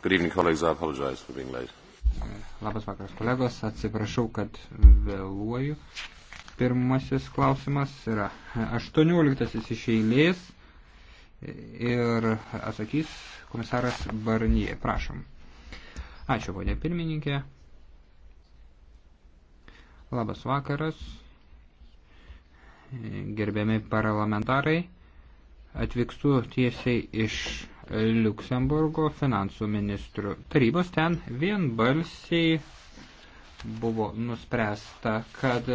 Good evening, colleagues. I apologize for being late. Labas vakaras, kolegos. Atsiprašau, kad vėluoju. Pirmasis klausimas yra 18 iš eilės ir atsakys komisaras Barnie. Prašom. Ačiū, ponė pirmininkė. Labas vakaras, gerbiami parlamentarai atvykstu tiesiai iš Luksemburgo finansų ministrų tarybos. Ten vienbalsiai buvo nuspręsta, kad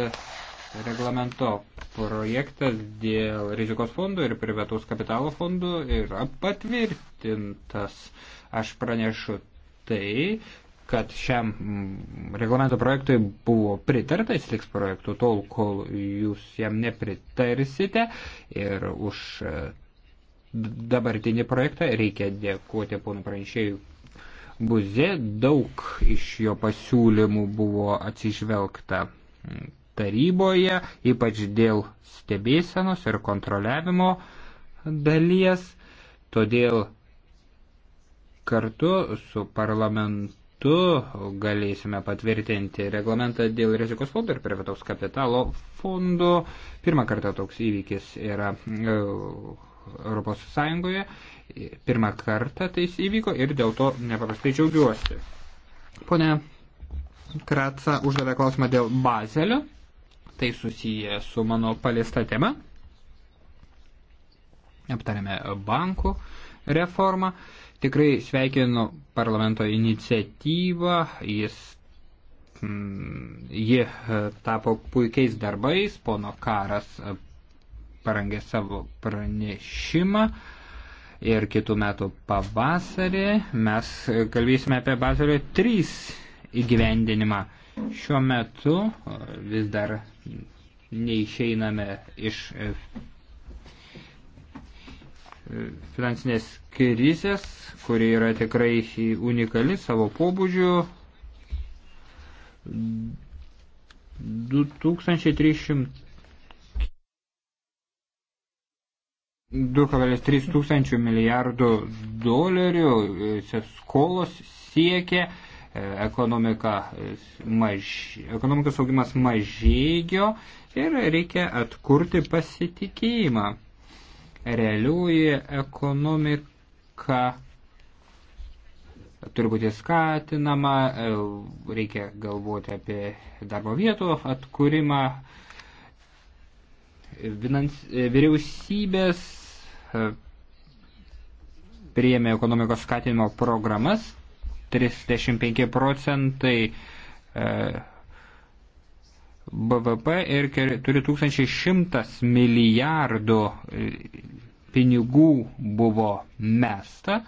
reglamento projektas dėl rizikos fondų ir privataus kapitalo fondų yra patvirtintas. Aš pranešu tai, kad šiam reglamento projektui buvo pritarta, jis liks projektu tol, kol jūs jam nepritarsite ir už dabartinį projektą. Reikia dėkoti ponų pranešėjų Buzė. Daug iš jo pasiūlymų buvo atsižvelgta taryboje, ypač dėl stebėsenos ir kontroliavimo dalies. Todėl kartu su parlamentu metu galėsime patvirtinti reglamentą dėl rizikos fondo ir privataus kapitalo fondo. Pirmą kartą toks įvykis yra e, ES. Pirmą kartą tai įvyko ir dėl to nepaprastai džiaugiuosi. Pone Kratsa uždavė klausimą dėl Bazelio. Tai susiję su mano paliesta tema. Aptarėme bankų reformą. Tikrai sveikinu parlamento iniciatyvą. Jis mm, ji e, tapo puikiais darbais, pono karas parangė savo pranešimą. Ir kitų metų pavasarį mes kalbėsime apie Bazelio 3 įgyvendinimą. Šiuo metu vis dar neišeiname iš e, e, finansinės krizės, kuri yra tikrai unikali savo pobūdžiu. 2300 2,3 tūkstančių milijardų dolerių e, skolos siekia, e, ekonomika e, maž, ekonomikos augimas mažėjo ir reikia atkurti pasitikėjimą. Realiųjų ekonomika turi būti skatinama, reikia galvoti apie darbo vietų atkūrimą, vyriausybės E, priėmė ekonomikos skatinimo programas, 35 procentai e, BVP ir 4100 milijardų e, pinigų buvo mesta.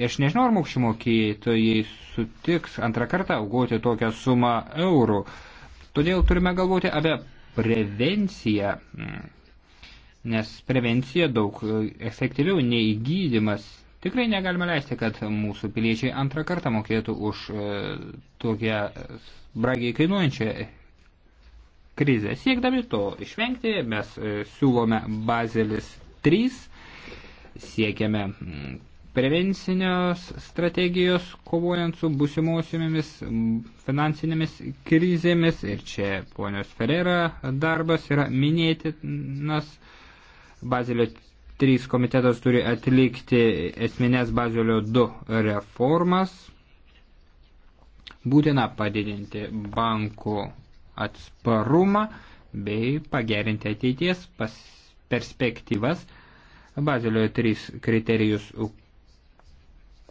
Aš nežinau, ar mokesčių mokėtojai sutiks antrą kartą augoti tokią sumą eurų. Todėl turime galvoti apie prevenciją, nes prevencija daug efektyviau nei gydimas. Tikrai negalime leisti, kad mūsų piliečiai antrą kartą mokėtų už e, tokią bragiai kainuojančią krizę. Siekdami to išvengti, mes e, siūlome Bazelis 3, siekiame prevencinės strategijos kovojant su busimosiomis finansinėmis krizėmis ir čia ponios Ferrera darbas yra minėtinas. Bazilio 3 komitetas turi atlikti esminės Bazilio 2 reformas. Būtina padidinti bankų atsparumą bei pagerinti ateities perspektyvas. Bazilio 3 kriterijus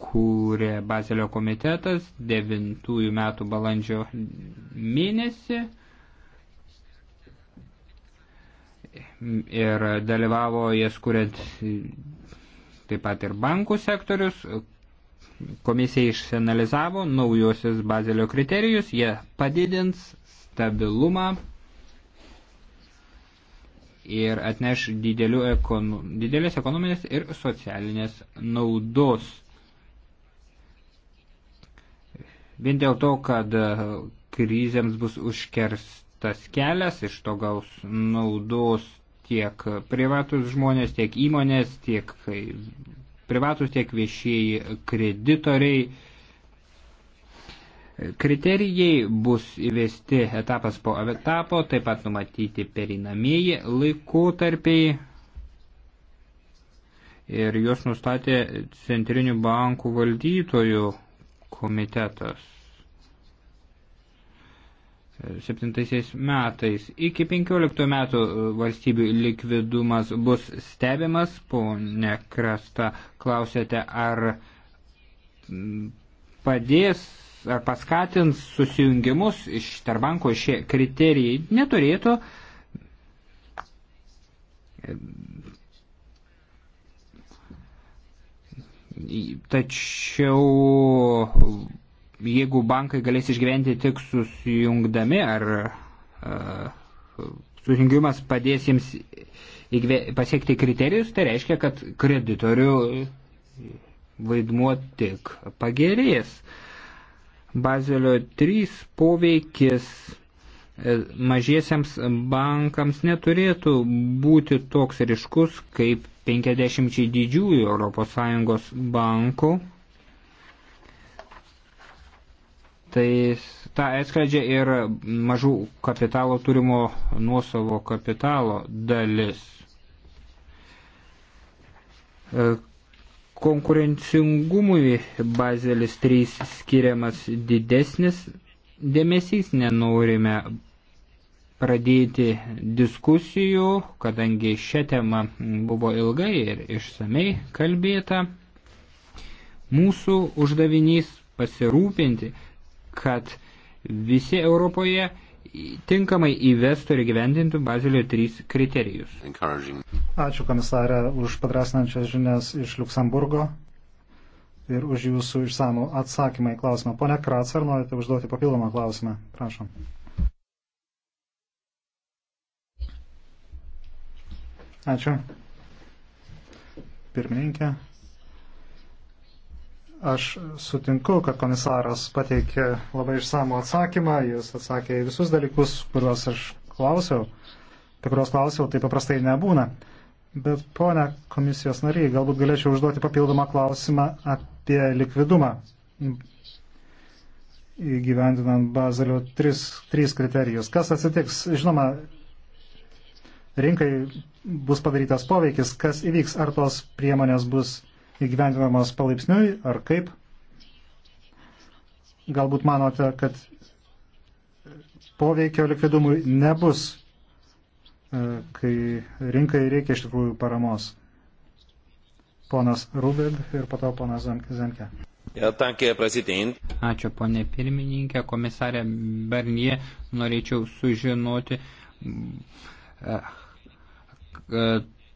kūrė Bazelio komitetas 9 metų balandžio mėnesį ir dalyvavo jas kuriant taip pat ir bankų sektorius. Komisija išsianalizavo naujosius Bazelio kriterijus, jie padidins stabilumą ir atneš didelių ekono, didelės ekonominės ir socialinės naudos. Vien dėl to, kad e, krizėms bus užkerstas kelias, iš to gaus naudos tiek privatus žmonės, tiek įmonės, tiek e, privatus, tiek viešieji kreditoriai. Kriterijai bus įvesti etapas po etapo, taip pat numatyti perinamieji laikotarpiai ir juos nustatė centrinių bankų valdytojų komitetas. 2007 metais. Iki 15 metų valstybių likvidumas bus stebimas, ponė Krasta, klausėte, ar padės, ar paskatins susijungimus iš tarbanko šie kriterijai neturėtų. Tačiau jeigu bankai galės išgyventi tik susijungdami ar uh, susijungimas padės jiems įgve, pasiekti kriterijus, tai reiškia, kad kreditorių vaidmuo tik pagerės. Bazelio 3 poveikis e, mažiesiams bankams neturėtų būti toks ryškus, kaip 50 didžiųjų ES bankų. Tai tą atskleidžia ir mažų kapitalo turimo nuosavo kapitalo dalis. E, konkurencingumui bazelis 3 skiriamas didesnis dėmesys, nenorime pradėti diskusijų, kadangi šią temą buvo ilgai ir išsamei kalbėta. Mūsų uždavinys pasirūpinti, kad visi Europoje tinkamai įvestų ir gyvendintų Bazilio 3 kriterijus. Ačiū komisarė už padrasnančias žinias iš Luksemburgo ir už jūsų išsamų atsakymą į klausimą. Pone Kratzer, norite užduoti papildomą klausimą? Prašom. Ačiū. Pirmininkė. Aš sutinku, kad komisaras pateikė labai išsamų atsakymą, jis atsakė į visus dalykus, kuriuos aš klausiau, apie kuriuos klausiau, tai paprastai nebūna. Bet, ponia komisijos nariai, galbūt galėčiau užduoti papildomą klausimą apie likvidumą įgyvendinant Bazalio 3, 3 kriterijus. Kas atsitiks? Žinoma, rinkai bus padarytas poveikis, kas įvyks, ar tos priemonės bus įgyvendinamos palaipsniui, ar kaip. Galbūt manote, kad poveikio likvidumui nebus, e, kai rinkai reikia iš tikrųjų paramos. Ponas Rubid ir po to ponas Zemke. Ačiū, ponė pirmininkė, komisarė Bernie, norėčiau sužinoti E,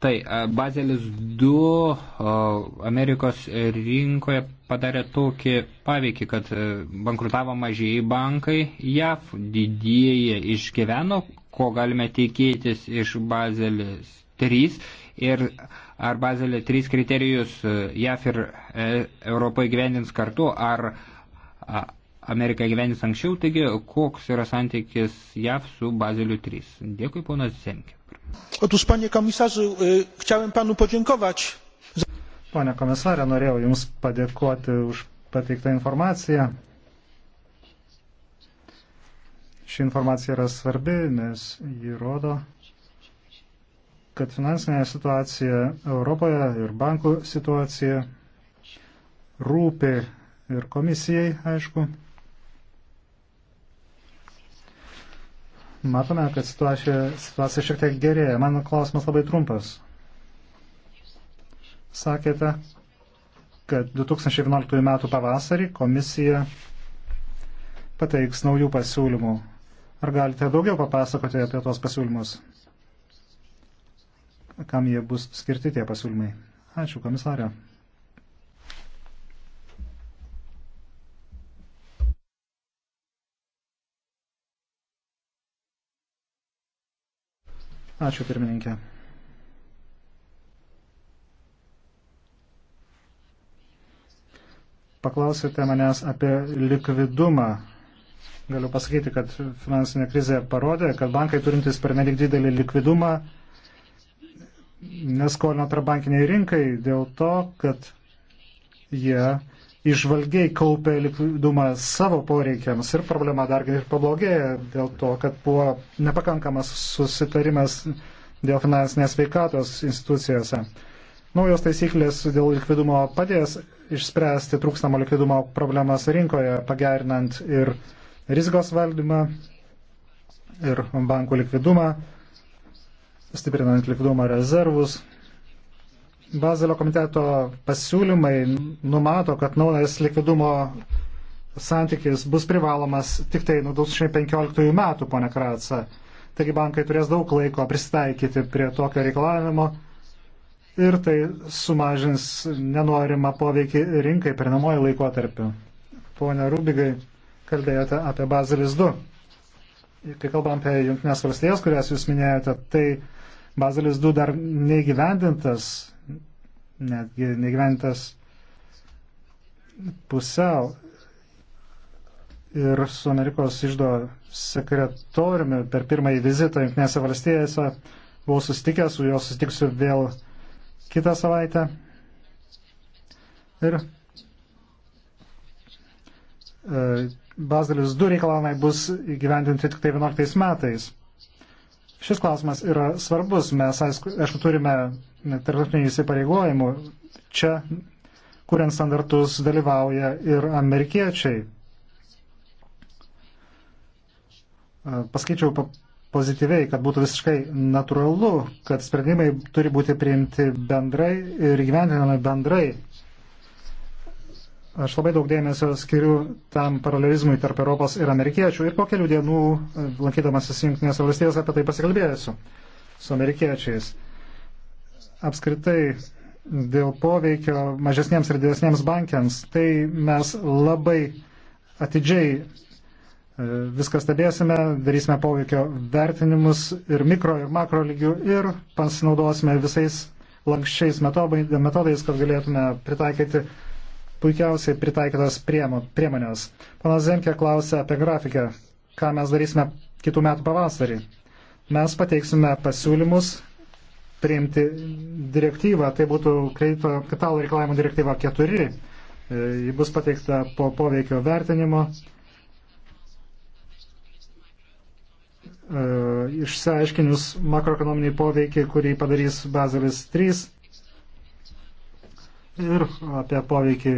tai e, Bazelis 2 Amerikos rinkoje padarė tokį paveikį, kad e, bankrutavo mažieji bankai, JAV didieji išgyveno, ko galime tikėtis iš Bazelis 3 ir ar Bazelė 3 kriterijus JAF ir Europai gyvendins kartu, ar Amerika gyvenys anksčiau, taigi koks yra santykis JAV su Bazeliu 3. Dėkui, ponas Zemke. Otus, panie komisarzu, chciałem panu podziękować. Pone komisarė, norėjau Jums padėkoti už pateiktą informaciją. Ši informacija yra svarbi, nes ji rodo, kad finansinė situacija Europoje ir bankų situacija rūpi ir komisijai, aišku. matome, kad situacija, situacija šiek tiek gerėja. Mano klausimas labai trumpas. Sakėte, kad 2011 m. pavasarį komisija pateiks naujų pasiūlymų. Ar galite daugiau papasakoti apie tuos pasiūlymus? Kam jie bus skirti tie pasiūlymai? Ačiū, komisarė. Ačiū pirmininkė. Paklausėte manęs apie likvidumą. Galiu pasakyti, kad finansinė krizė parodė, kad bankai turintys pernelik didelį likvidumą neskolino tarbankiniai rinkai dėl to, kad jie išvalgiai kaupė likvidumą savo poreikiams ir problema dar ir pablogėja dėl to, kad buvo nepakankamas susitarimas dėl finansinės veikatos institucijose. Naujos taisyklės dėl likvidumo padės išspręsti trūkstamo likvidumo problemas rinkoje, pagerinant ir rizikos valdymą, ir bankų likvidumą, stiprinant likvidumo rezervus, Bazelio komiteto pasiūlymai numato, kad naujas likvidumo santykis bus privalomas tik tai nuo 2015 metų, ponė Kratsa. Taigi bankai turės daug laiko pristaikyti prie tokio reikalavimo ir tai sumažins nenorimą poveikį rinkai per namojo laikotarpiu. Pone Rubigai, kalbėjote apie Bazelis 2. Kai kalbam apie Junktinės valstijas, kurias jūs minėjote, tai Bazelis 2 dar neįgyvendintas netgi negyventas pusiau. Ir su Amerikos išdo sekretoriumi per pirmąjį vizitą Junktinėse valstijose buvau susitikęs, su juo susitiksiu vėl kitą savaitę. Ir e, Bazelis 2 reikalavimai bus įgyvendinti tik tai 11 metais. Šis klausimas yra svarbus. Mes, aišku, turime tarptautinių įsipareigojimų. Čia, kuriant standartus, dalyvauja ir amerikiečiai. Paskaičiau pozityviai, kad būtų visiškai natūralu, kad sprendimai turi būti priimti bendrai ir gyventinami bendrai Aš labai daug dėmesio skiriu tam paralelizmui tarp Europos ir amerikiečių ir po kelių dienų, lankydamasis Junktinės valstijos, apie tai pasikalbėsiu su amerikiečiais. Apskritai, dėl poveikio mažesniems ir didesniems bankiams, tai mes labai atidžiai e, viską stebėsime, darysime poveikio vertinimus ir mikro ir makro lygių ir pasinaudosime visais lankščiais metodais, kad galėtume pritaikyti puikiausiai pritaikytos priemonės. Panas Zemke klausė apie grafiką, ką mes darysime kitų metų pavasarį. Mes pateiksime pasiūlymus priimti direktyvą, tai būtų kredito kapitalo reikalavimo direktyva 4. E, ji bus pateikta po poveikio vertinimo. E, Išsiaiškinius makroekonominį poveikį, kurį padarys Bazelis 3 ir apie poveikį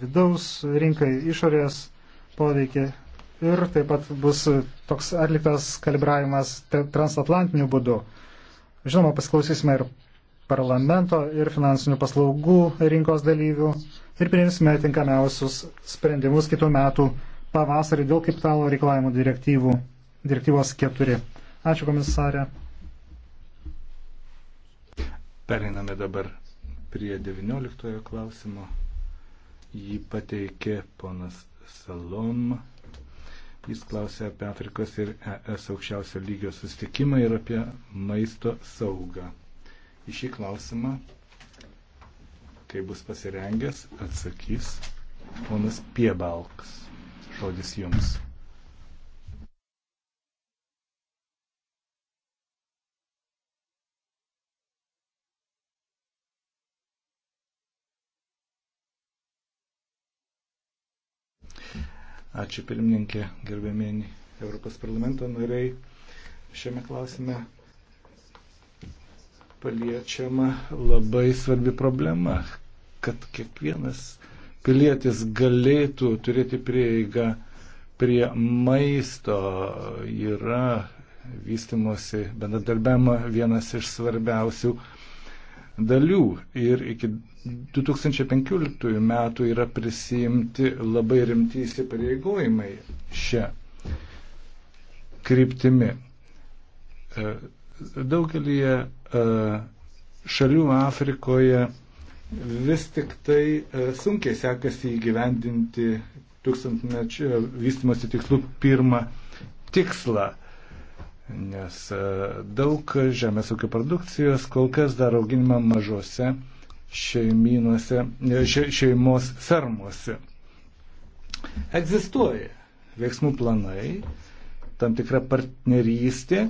vidaus rinkai, išorės poveikį. Ir taip pat bus toks atliktas kalibravimas transatlantiniu būdu. Žinoma, pasiklausysime ir parlamento, ir finansinių paslaugų rinkos dalyvių ir priimsime tinkamiausius sprendimus kitų metų pavasarį dėl kapitalo reikalavimų direktyvų, direktyvos 4. Ačiū komisarė. Periname dabar prie 19 klausimo. Jį pateikė ponas Salom. Jis klausė apie Afrikos ir ES aukščiausio lygio sustikimą ir apie maisto saugą. Į šį klausimą, kai bus pasirengęs, atsakys ponas Piebalks. Žodis jums. Ačiū pirmininkė, gerbėmėni Europos parlamento nariai. Šiame klausime paliečiama labai svarbi problema, kad kiekvienas pilietis galėtų turėti prieigą prie maisto. Yra vystimosi bendradarbiavimo vienas iš svarbiausių dalių ir iki 2015 metų yra prisijimti labai rimti įsipareigojimai šią kryptimi. E, Daugelį e, šalių Afrikoje vis tik tai e, sunkiai sekasi įgyvendinti tūkstantmečio vystimosi tikslų pirmą tikslą nes e, daug žemės ūkio produkcijos kol kas dar auginama mažose šeiminuose, e, še, šeimos fermuose. Egzistuoja veiksmų planai, tam tikra partnerystė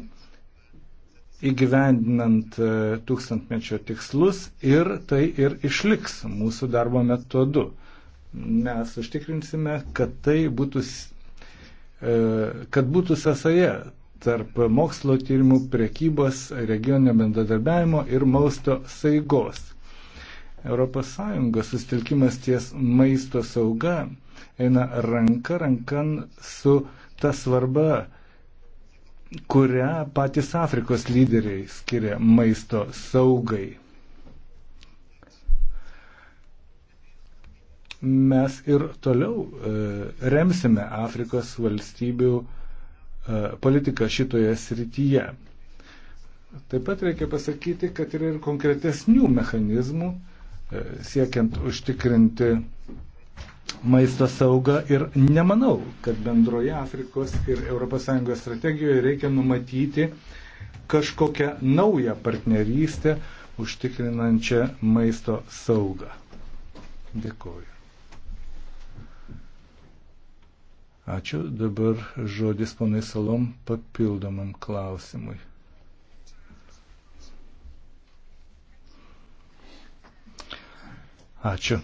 įgyvendinant e, tūkstantmečio tikslus ir tai ir išliks mūsų darbo metodu. Mes užtikrinsime, kad tai būtų, kad būtų sąsaja tarp mokslo tyrimų, prekybos, regioninio bendradarbiavimo ir mausto saigos. ES sustilkimas ties maisto sauga eina ranka rankan su ta svarba, kurią patys Afrikos lyderiai skiria maisto saugai. Mes ir toliau e, remsime Afrikos valstybių e, E, politiką šitoje srityje. Taip pat reikia pasakyti, kad yra ir konkretesnių mechanizmų e, siekiant užtikrinti maisto saugą ir nemanau, kad bendroje Afrikos ir ES strategijoje reikia numatyti kažkokią naują partnerystę užtikrinančią maisto saugą. Dėkuoju. Ačiū. Dabar žodis ponai Salom papildomam klausimui. Ačiū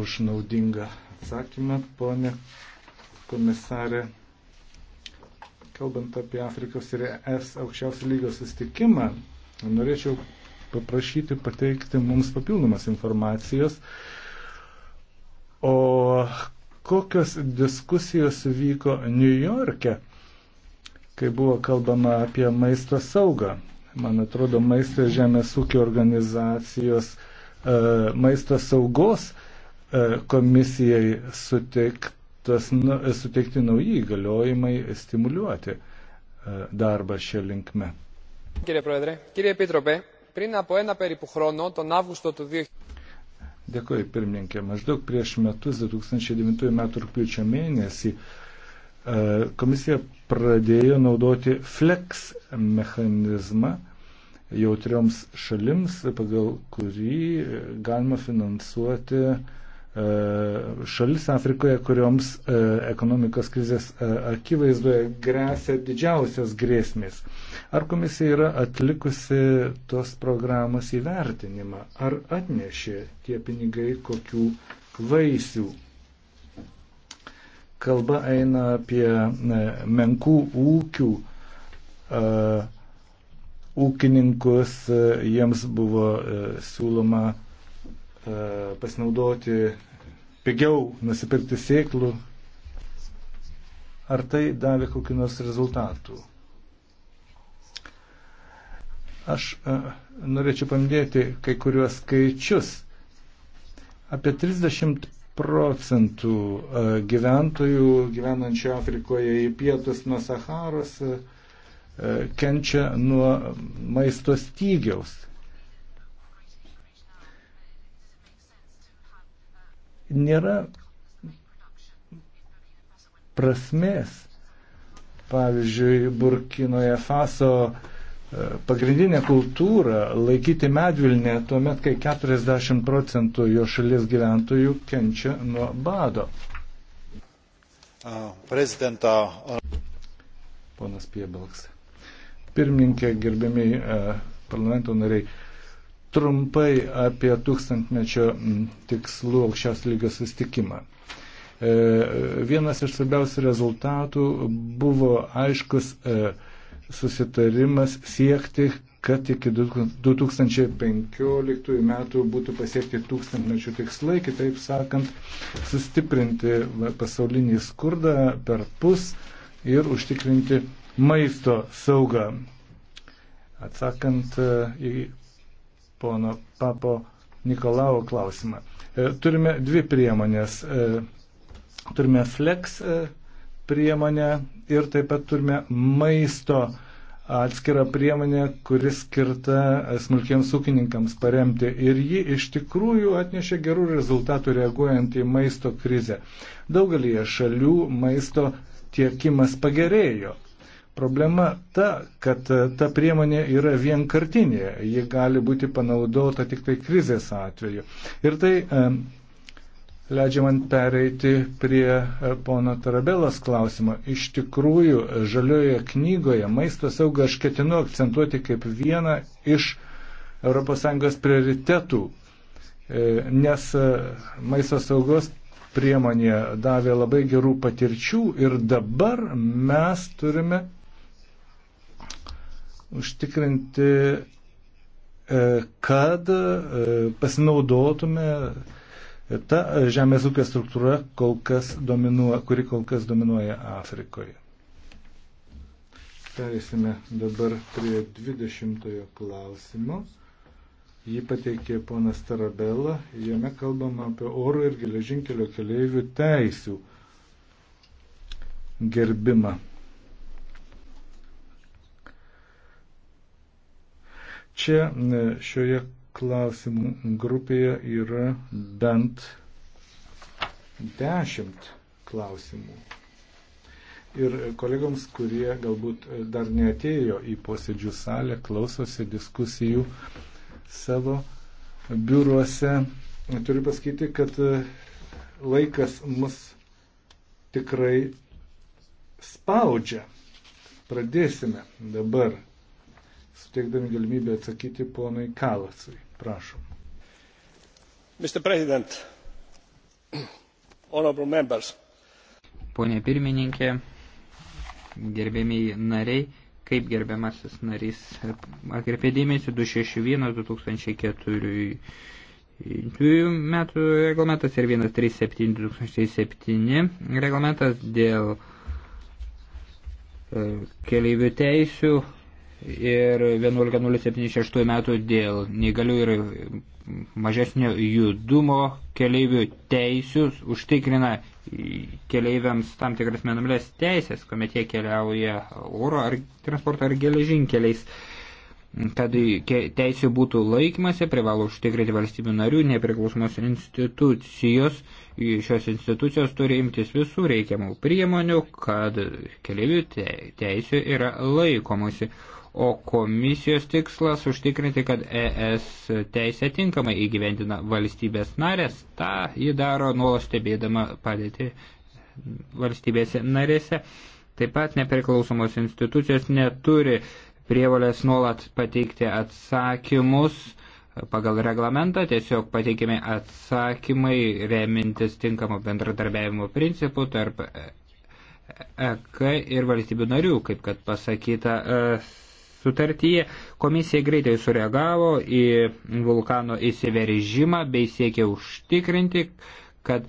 už naudingą atsakymą, ponė komisarė. Kalbant apie Afrikos ir ES aukščiausio lygio sustikimą, norėčiau paprašyti pateikti mums papildomas informacijos, o kokios diskusijos vyko New York'e, kai buvo kalbama apie maisto saugą. Man atrodo, maisto žemės ūkio organizacijos e, maisto saugos e, komisijai suteiktas, nu, e, suteikti nauji įgaliojimai stimuliuoti darbą šią linkmę. Κύριε Πρόεδρε, κύριε Επίτροπε, πριν από ένα περίπου χρόνο, τον Αύγουστο του 2000. Dėkuoju, pirmininkė. Maždaug prieš metus, 2009 m. rūpiučio mėnesį, e, komisija pradėjo naudoti flex mechanizmą jautrioms šalims, pagal kurį galima finansuoti šalis Afrikoje, kurioms e, ekonomikos krizės e, akivaizdoje grėsia didžiausios grėsmės. Ar komisija yra atlikusi tos programos įvertinimą? Ar atnešė tie pinigai kokių vaisių? Kalba eina apie e, menkų ūkių ūkininkus, jiems buvo siūloma E, pasinaudoti pigiau nusipirkti sėklų. Ar tai davė kokiu nors rezultatų? Aš e, norėčiau paminėti kai kuriuos skaičius. Apie 30 procentų e, gyventojų gyvenančių Afrikoje į pietus nuo Saharos kenčia nuo maisto stygiaus. nėra prasmės. Pavyzdžiui, Burkinoje Faso e, pagrindinė kultūra laikyti medvilnę tuo met, kai 40 procentų jo šalies gyventojų kenčia nuo bado. Prezidentą. Ponas Piebalks. Pirmininkė, gerbėmiai e, parlamento nariai trumpai apie tūkstantmečio tikslų aukščiausio lygio sustikimą. E, vienas iš svarbiausių rezultatų buvo aiškus e, susitarimas siekti, kad iki 2015 metų būtų pasiekti tūkstantmečių tikslai, kitaip sakant, sustiprinti pasaulinį skurdą per pus ir užtikrinti maisto saugą. Atsakant e, į pono papo Nikolao klausimą. E, turime dvi priemonės. E, turime flex e, priemonę ir taip pat turime maisto atskirą priemonę, kuri skirta smulkiems ūkininkams paremti. Ir ji iš tikrųjų atnešė gerų rezultatų reaguojant į maisto krizę. Daugelį šalių maisto tiekimas pagerėjo. Problema ta, kad e, ta priemonė yra vienkartinė, ji gali būti panaudota tik tai krizės atveju. Ir tai e, leidžia man pereiti prie e, pono Tarabelos klausimo. Iš tikrųjų, žaliojoje knygoje maisto saugą aš ketinu akcentuoti kaip vieną iš ES prioritetų, nes maisto saugos priemonė davė labai gerų patirčių ir dabar mes turime užtikrinti, e, kad e, pasinaudotume e, ta žemės ūkio struktūra, kol dominuoja, kuri kol kas dominuoja Afrikoje. Perėsime dabar prie 20 klausimo. Jį pateikė ponas Tarabela, jame kalbama apie oro ir geležinkelio keleivių teisių gerbimą. Čia e, šioje klausimų grupėje yra bent dešimt klausimų. Ir kolegoms, kurie galbūt dar neatėjo į posėdžių salę, klausosi diskusijų savo biuruose, turiu pasakyti, kad e, laikas mus tikrai spaudžia. Pradėsime dabar suteikdami galimybę atsakyti ponui Kalasui. Prašom. Mr. President, honorable members. Pone pirmininkė, gerbėmiai nariai, kaip gerbiamasis narys atkreipė dėmesį 261-2004 metų reglamentas ir 137-2007 reglamentas dėl e, keleivių teisių ir 11.076 metų dėl neįgalių ir mažesnio judumo keleivių teisius užtikrina keleiviams tam tikras menumlės teisės, kuomet jie keliauja oro ar transporto ar geležinkeliais. Kad teisė būtų laikymasi, privalo užtikrinti valstybių narių nepriklausomos institucijos. Šios institucijos turi imtis visų reikiamų priemonių, kad keliaivių teisė yra laikomasi o komisijos tikslas užtikrinti, kad ES teisė tinkamai įgyvendina valstybės narės. Ta jį daro nuolat stebėdama padėti valstybėse narėse. Taip pat nepriklausomos institucijos neturi prievalės nuolat pateikti atsakymus pagal reglamentą, tiesiog pateikime atsakymai remintis tinkamo bendradarbiavimo principų tarp EK e ir valstybių narių, kaip kad pasakyta. Uh, sutartyje. Komisija greitai sureagavo į vulkano įsiveržimą bei siekė užtikrinti, kad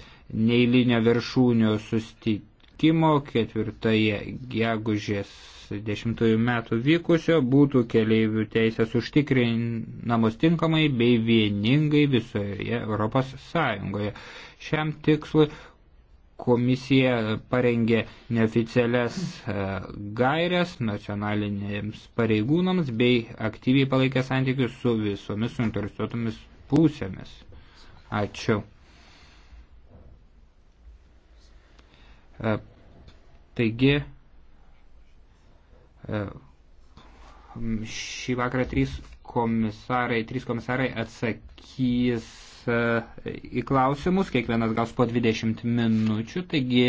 neįlinio viršūnio sustikimo ketvirtąją gegužės 2010 metų vykusio būtų keleivių teisės užtikrinamos tinkamai bei vieningai visoje Europos Sąjungoje. Šiam tikslui komisija parengė neoficialias e, gairias nacionalinėms pareigūnams bei aktyviai palaikė santykius su visomis suinteresuotomis pusėmis. Ačiū. E, taigi, e, šį vakarą trys komisarai, trys komisarai atsakys E, į klausimus, kiekvienas gaus po 20 minučių, taigi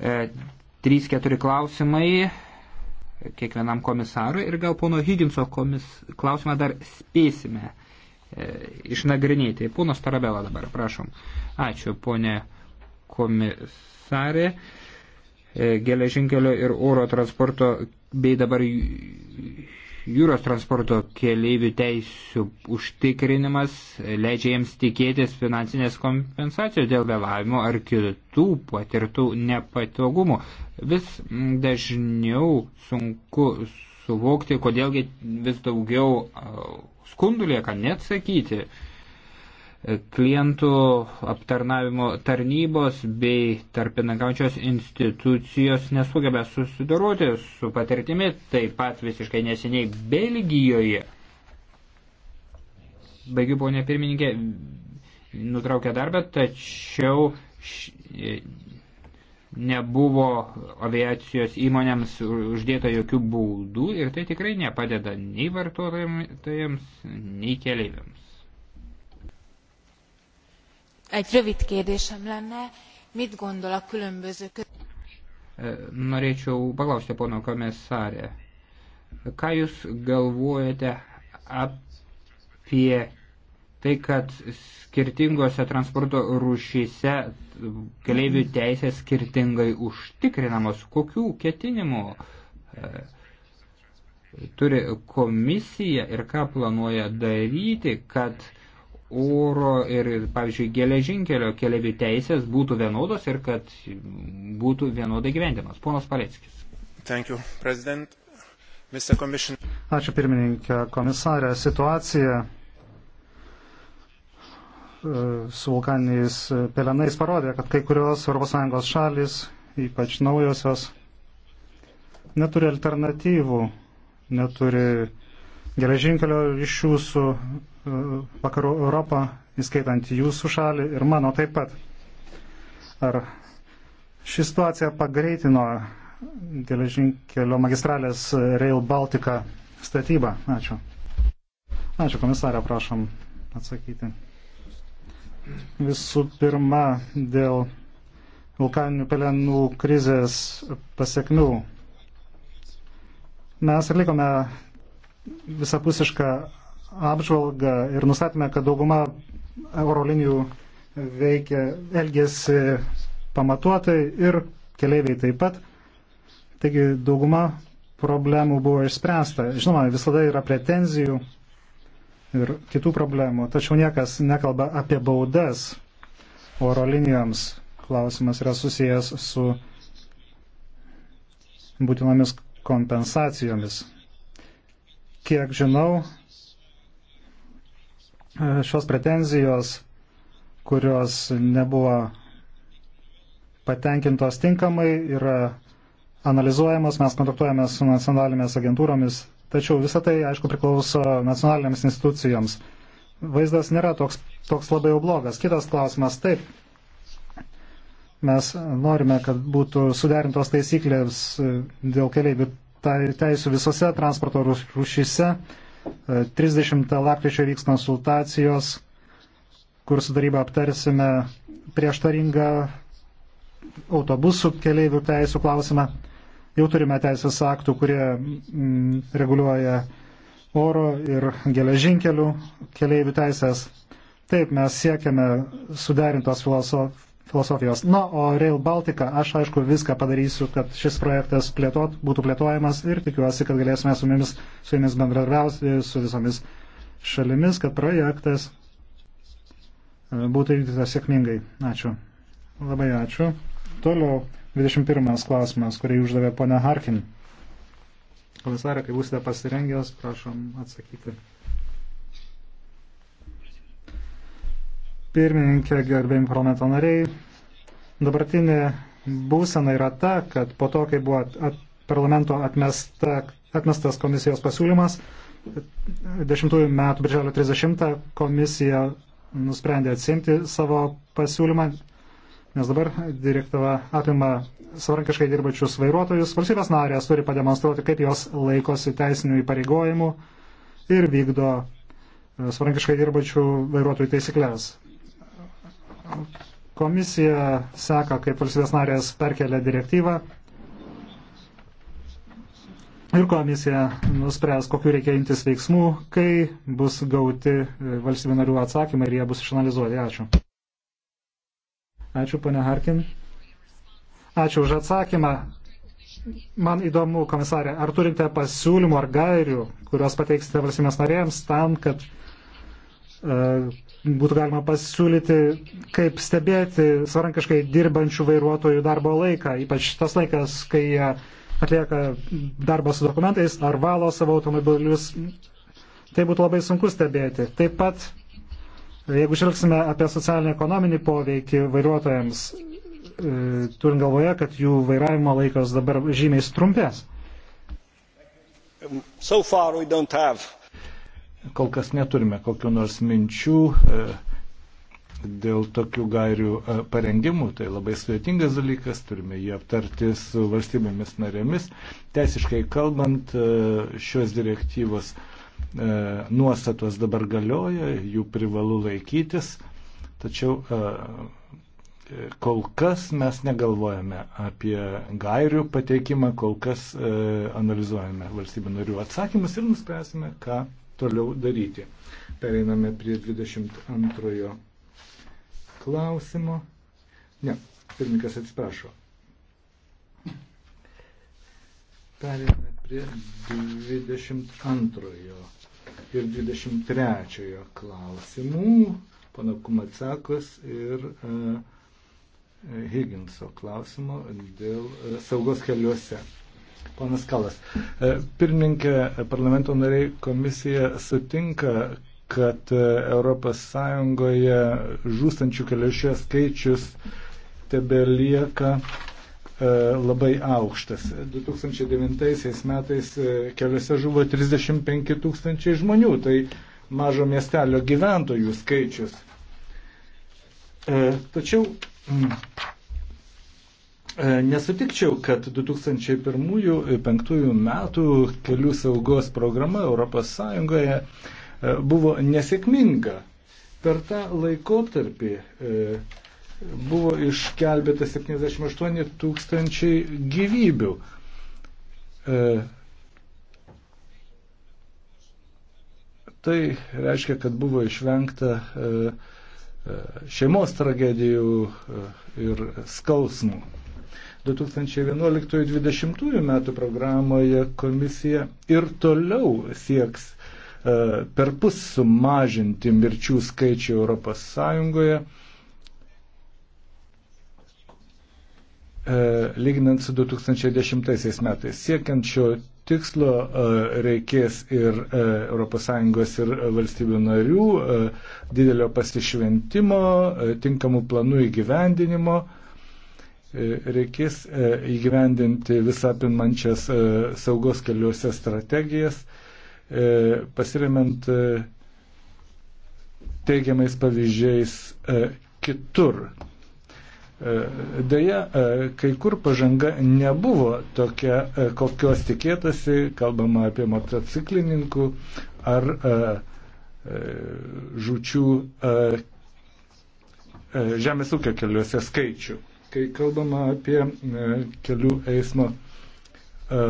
e, 3-4 klausimai kiekvienam komisarui ir gal pono Higginso komis, klausimą dar spėsime e, išnagrinėti. Pono Starabela dabar, prašom. Ačiū, ponė komisarė. E, geležinkelio ir oro transporto bei dabar jūros transporto keleivių teisų užtikrinimas leidžia jiems tikėtis finansinės kompensacijos dėl vėlavimo ar kitų patirtų nepatogumų. Vis dažniau sunku suvokti, kodėlgi vis daugiau skundų lieka neatsakyti. Uh, klientų aptarnavimo tarnybos bei tarpininkaujančios institucijos nesugeba susidoroti su patirtimi, taip pat visiškai neseniai Belgijoje. Baigiu, ponė pirmininkė, nutraukė darbą, tačiau š... E, nebuvo aviacijos įmonėms uždėta jokių baudų ir tai tikrai nepadeda nei vartotojams, nei keleiviams. Egy rövid kérdésem lenne, mit gondol a különböző... E, norėčiau paklausti, pono komisarė, ką jūs galvojate apie tai, kad skirtingose transporto rūšyse keleivių teisės skirtingai užtikrinamos? Kokių ketinimų e, turi komisija ir ką planuoja daryti, kad e, oro ir, pavyzdžiui, geležinkelio keliavių teisės būtų vienodos ir kad būtų vienodai gyvendimas. Ponas Paleckis. Thank you, President. Mr. Commission. Ačiū pirmininkė komisarė. Situacija e, su vulkaniniais pelenais parodė, kad kai kurios ES šalis, ypač naujosios, neturi alternatyvų, neturi geležinkelio ryšių su e, vakarų Europą, įskaitant jūsų šalį ir mano taip pat. Ar ši situacija pagreitino geležinkelio magistralės Rail Baltica statybą? Ačiū. Ačiū komisarė, prašom atsakyti. Visų pirma, dėl vulkaninių pelenų krizės pasiekmių. Mes atlikome visapusišką apžvalgą ir nustatėme, kad dauguma eurolinijų veikia, elgėsi pamatuotai ir keleiviai taip pat. Taigi dauguma problemų buvo išspręsta. Žinoma, visada yra pretenzijų ir kitų problemų, tačiau niekas nekalba apie baudas oro linijoms. Klausimas yra susijęs su būtinomis kompensacijomis. Kiek žinau, e, šios pretenzijos, kurios nebuvo patenkintos tinkamai, yra analizuojamos, mes kontaktuojame su nacionalinėmis agentūromis, tačiau visa tai, aišku, priklauso nacionalinėms institucijoms. Vaizdas nėra toks, toks labai jau blogas. Kitas klausimas, taip, mes norime, kad būtų suderintos taisyklės e, dėl keliaivių Tai, teisų visose transporto rūšyse. 30 e, lapkričio vyks konsultacijos, kur su taryba aptarsime prieštaringą autobusų keliaivių teisų klausimą. Jau turime teisės aktų, kurie m, mm, reguliuoja oro ir geležinkelių keliaivių teisės. Taip mes siekiame suderintos filosof, filosofijos. Na, o Rail Baltica, aš aišku viską padarysiu, kad šis projektas plėtot, būtų plėtojamas ir tikiuosi, kad galėsime su jumis, su jumis bendradarbiauti, su visomis šalimis, kad projektas e, būtų įvykdytas sėkmingai. Ačiū. Labai ačiū. Toliau 21 klausimas, kurį uždavė ponia Harkin. Komisarė, kai būsite pasirengęs, prašom atsakyti. pirmininkė, gerbėjim parlamento nariai. Dabartinė būsena yra ta, kad po to, kai buvo at, at, parlamento atmesta, atmestas komisijos pasiūlymas, 10 metų birželio 30 komisija nusprendė atsimti savo pasiūlymą, nes dabar direktyva apima savarankiškai dirbačius vairuotojus. Valstybės narės turi pademonstruoti, kaip jos laikosi teisinių įpareigojimų ir vykdo savarankiškai dirbačių vairuotojų taisyklės. Komisija seka, kaip valstybės narės perkelia direktyvą ir komisija nuspręs, kokiu reikia imtis veiksmų, kai bus gauti e, valstybių narių atsakymai ir jie bus išanalizuoti. Ačiū. Ačiū, ponia Harkin. Ačiū už atsakymą. Man įdomu, komisarė, ar turite pasiūlymų ar gairių, kuriuos pateiksite valstybės narėms tam, kad uh, būtų galima pasiūlyti, kaip stebėti savarankiškai dirbančių vairuotojų darbo laiką, ypač tas laikas, kai jie atlieka darbą su dokumentais ar valo savo automobilius. Tai būtų labai sunku stebėti. Taip pat, jeigu žvelgsime apie socialinį ekonominį poveikį vairuotojams, e, turint galvoje, kad jų vairavimo laikas dabar žymiai trumpės. So far we don't have kol kas neturime kokiu nors minčių e, dėl tokių gairių e, parengimų. Tai labai sudėtingas dalykas, turime jį aptarti su valstybėmis narėmis. Teisiškai kalbant, e, šios direktyvos nuostatos dabar galioja, jų privalu laikytis, tačiau kol kas mes negalvojame apie gairių pateikimą, kol kas analizuojame valstybių narių atsakymus ir nuspręsime, ką toliau daryti. Pereiname prie 22 klausimo. Ne, pirmininkas atsiprašo. Pereiname prie 22 ir 23 klausimų. Pana Kumatsakos ir uh, Higginso klausimo dėl uh, saugos keliuose. Ponas Kalas. E, pirmininkė, parlamento nariai komisija sutinka, kad ES žūstančių keliuose skaičius tebelieka e, labai aukštas. 2009 metais e, keliuose žuvo 35 tūkstančiai žmonių, tai mažo miestelio gyventojų skaičius. Tačiau mm, E, nesutikčiau, kad 2001-2005 e, metų kelių saugos programa ES e, buvo nesėkminga. Per tą laikotarpį buvo iškelbėta 78 tūkstančiai gyvybių. Tai reiškia, kad buvo išvengta šeimos tragedijų ir skausmų. 2011-2020 metų programoje komisija ir toliau sieks e, per pus sumažinti mirčių skaičių Europos Sąjungoje, e, lyginant su 2010 metais. Siekiant šio tikslo e, reikės ir ES ir valstybių narių didelio pasišventimo, tinkamų planų įgyvendinimo E, reikės e, įgyvendinti visapimančias e, saugos keliuose strategijas, pasiremiant teigiamais pavyzdžiais kitur. Deja, kai kur pažanga nebuvo tokia, kokios tikėtasi, kalbama apie motociklininkų ar žučių žemės ūkio keliuose skaičių. Kai kalbama apie e, kelių eismo e,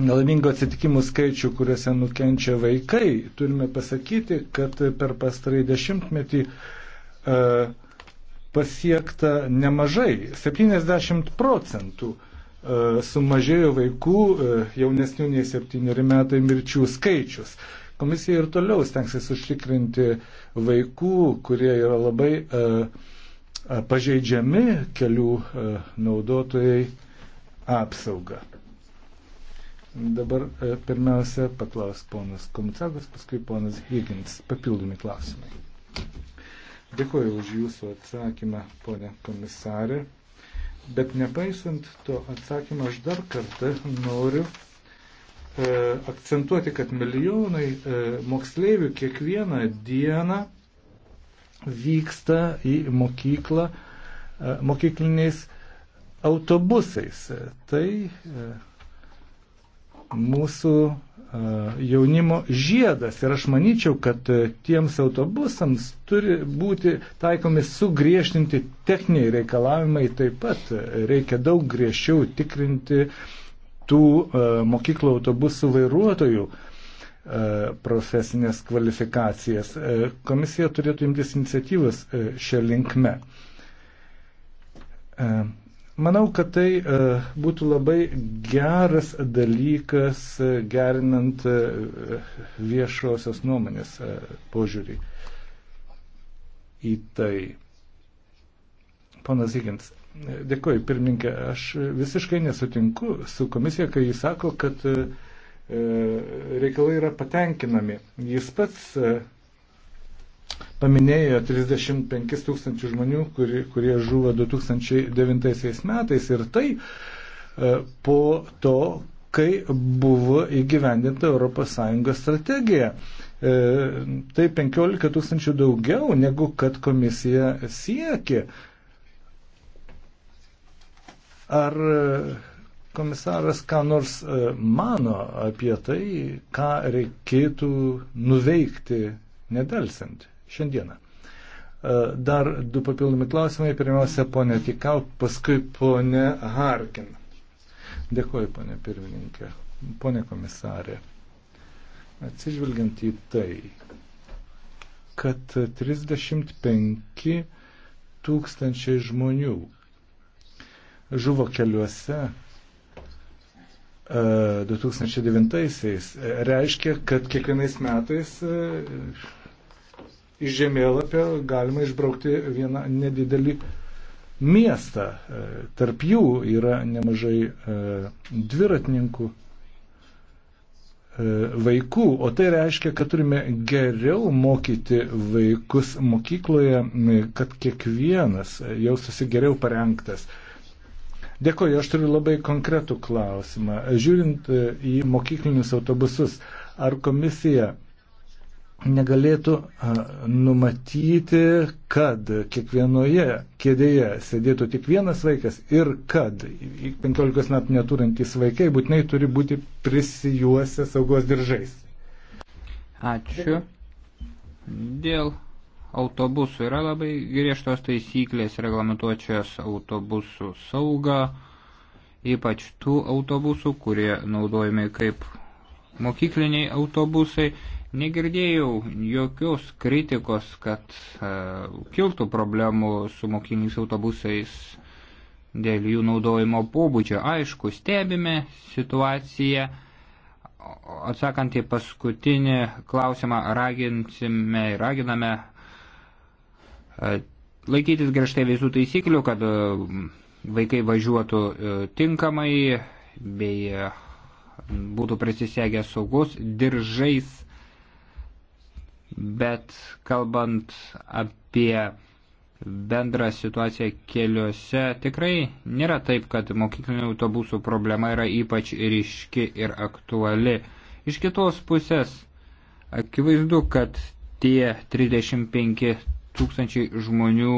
nelaimingo atsitikimų skaičių, kuriuose nukenčia vaikai, turime pasakyti, kad per pastarąjį dešimtmetį e, pasiekta nemažai, 70 procentų sumažėjo vaikų jaunesnių nei 7 metai mirčių skaičius. Komisija ir toliau stengsis užtikrinti vaikų, kurie yra labai uh, pažeidžiami kelių naudotojai apsaugą. Dabar pirmiausia paklaus ponas Komicagas, paskui ponas Higgins. Papildomi klausimai. Dėkuoju už jūsų atsakymą, ponė komisarė. Bet nepaisant to atsakymą, aš dar kartą noriu e, akcentuoti, kad milijonai e, moksleivių kiekvieną dieną e, vyksta į mokyklą e, mokykliniais autobusais. Tai e, mūsų e, jaunimo žiedas ir aš manyčiau, kad tiems autobusams turi būti taikomi sugriežtinti techniniai reikalavimai, taip pat reikia daug griežčiau tikrinti tų mokyklų autobusų vairuotojų uh, E, profesinės kvalifikacijas. E, komisija turėtų imtis iniciatyvas e, šią linkme. Manau, kad tai būtų labai geras dalykas gerinant viešosios nuomonės požiūrį į tai. Ponas Higgins, dėkoju pirmininkė, aš visiškai nesutinku su komisija, kai jis sako, kad uh, E, reikalai yra patenkinami. Jis pats e, paminėjo 35 tūkstančių žmonių, kurie, kurie žuvo 2009 metais ir tai e, po to, kai buvo įgyvendinta ES strategija. Tai 15 tūkstančių daugiau negu kad komisija siekė. Ar komisaras ką nors e, mano apie tai, ką reikėtų nuveikti nedelsint šiandieną. E, dar du papildomi klausimai. Pirmiausia, ponė Tikau, paskui ponė Harkin. Dėkuoju, ponė pirmininkė. Ponė komisarė, atsižvelgiant į tai, kad 35 tūkstančiai žmonių žuvo keliuose 2009-aisiais e, reiškia, kad kiekvienais metais e, iš žemėlapio galima išbraukti vieną nedidelį miestą. E, tarp jų yra nemažai dviratininkų vaikų, o tai reiškia, kad turime geriau mokyti vaikus mokykloje, kad kiekvienas jaustųsi geriau parengtas Dėkoju, aš turiu labai konkretų klausimą. Žiūrint e, į mokyklinius autobusus, ar komisija negalėtų numatyti, kad kiekvienoje kėdėje sėdėtų tik vienas vaikas ir kad 15 metų neturintys vaikai būtinai turi būti prisijuose saugos diržais. Ačiū. Dėl autobusų. Yra labai griežtos taisyklės reglamentuočios autobusų saugą, ypač tų autobusų, kurie naudojami kaip mokykliniai autobusai. Negirdėjau jokios kritikos, kad uh, kiltų problemų su mokiniais autobusais dėl jų naudojimo pobūdžio. Aišku, stebime situaciją. Atsakant į paskutinį klausimą, raginsime ir raginame Laikytis griežtai visų taisyklių, kad vaikai važiuotų tinkamai bei būtų prisisegę saugus diržais, bet kalbant apie bendrą situaciją keliuose, tikrai nėra taip, kad mokyklinių autobusų problema yra ypač ryški ir aktuali. Iš kitos pusės, akivaizdu, kad tie 35 tūkstančiai žmonių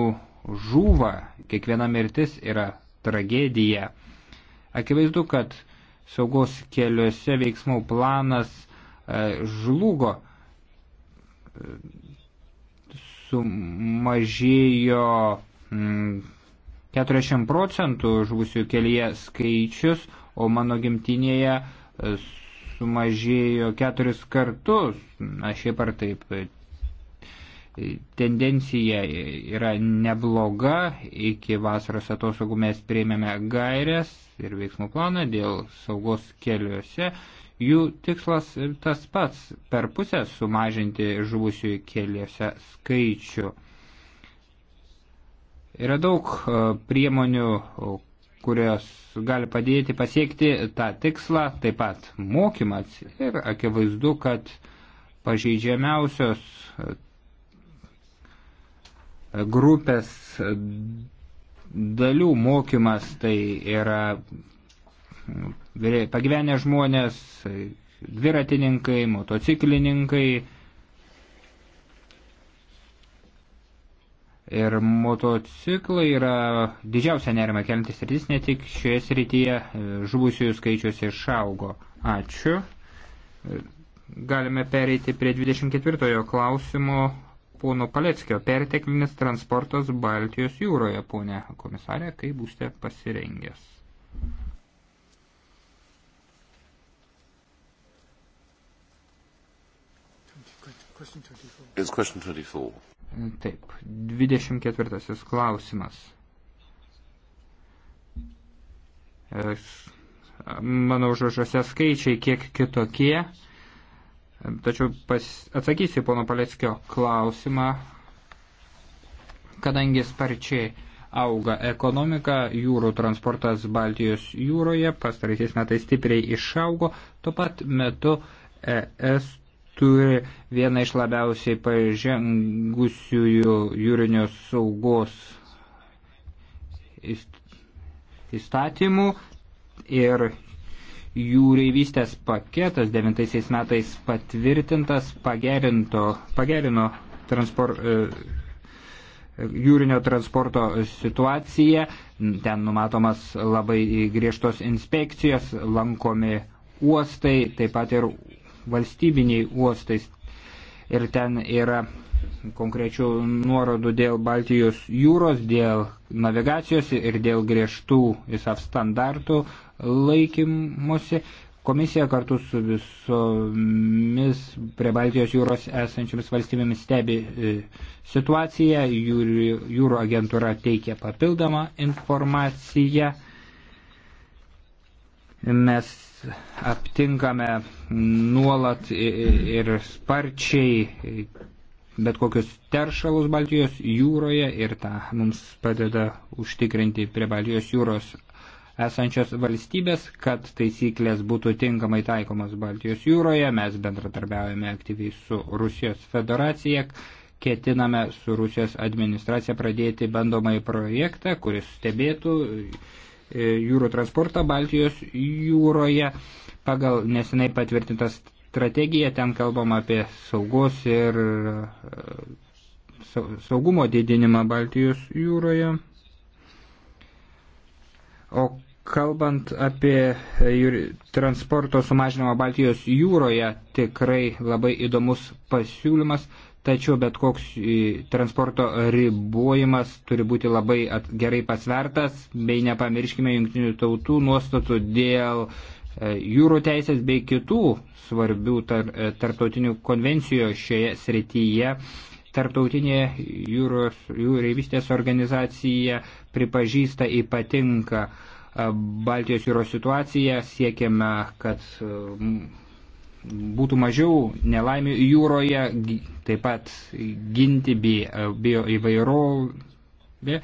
žūva, kiekviena mirtis yra tragedija. Akivaizdu, kad saugos keliuose veiksmų planas e, žlugo, e, sumažėjo 40 mm, procentų žuvusių kelyje skaičius, o mano gimtinėje e, sumažėjo keturis kartus. Aš šiaip ar taip tendencija yra nebloga. Iki vasaros atostogų mes prieimėme gairias ir veiksmų planą dėl saugos keliuose. Jų tikslas tas pats - per pusę sumažinti žuvusiųjų keliuose skaičių. Yra daug e, priemonių, kurios gali padėti pasiekti tą tikslą, taip pat mokymas ir akivaizdu, kad pažeidžiamiausios grupės dalių mokymas, tai yra mm, pagyvenę žmonės, dviratininkai, motociklininkai ir motociklai yra didžiausia nerima keliantis rytis, ne tik šioje srityje žuvusiųjų skaičius išaugo. Ačiū. Galime pereiti prie 24 klausimo pono Paleckio perteklinis transportas Baltijos jūroje, ponė komisarė, kai būsite pasirengęs. Taip, 24 klausimas. Mano žodžiuose skaičiai kiek kitokie. Tačiau pas, atsakysiu pono Paleckio klausimą, kadangi sparčiai auga ekonomika, jūrų transportas Baltijos jūroje pastaraisiais metais stipriai išaugo, tuo pat metu ES turi vieną iš labiausiai pažengusiųjų jūrinio saugos įstatymų ir jūreivystės paketas 9 metais patvirtintas pagerino transpor, e, jūrinio transporto situaciją. Ten numatomas labai griežtos inspekcijos, lankomi uostai, taip pat ir valstybiniai uostais. Ir ten yra konkrečių nuorodų dėl Baltijos jūros, dėl navigacijos ir dėl griežtų ISAF standartų laikymosi. Komisija kartu su visomis prie Baltijos jūros esančiomis valstybėmis stebi e, situaciją, jūrų, jūrų agentūra teikia papildomą informaciją. Mes aptinkame nuolat ir sparčiai bet kokius teršalus Baltijos jūroje ir tą mums padeda užtikrinti prie Baltijos jūros esančios valstybės, kad taisyklės būtų tinkamai taikomos Baltijos jūroje. Mes bendratarbiaujame aktyviai su Rusijos federacija, ketiname su Rusijos administracija pradėti bandomąjį projektą, kuris stebėtų e, jūrų transportą Baltijos jūroje. Pagal nesenai patvirtintą strategiją ten kalbam apie saugos ir e, saugumo didinimą Baltijos jūroje. O Kalbant apie e, transporto sumažinimą Baltijos jūroje, tikrai labai įdomus pasiūlymas, tačiau bet koks e, transporto ribojimas turi būti labai at, gerai pasvertas, bei nepamirškime jungtinių tautų nuostatų dėl e, jūrų teisės bei kitų svarbių tar, tarptautinių konvencijų šioje srityje. Tarptautinė jūros, jūreivystės organizacija pripažįsta ypatinką uh, E, Baltijos jūros situaciją, siekiame, kad e, būtų mažiau nelaimių jūroje, taip pat ginti e, bio įvairovę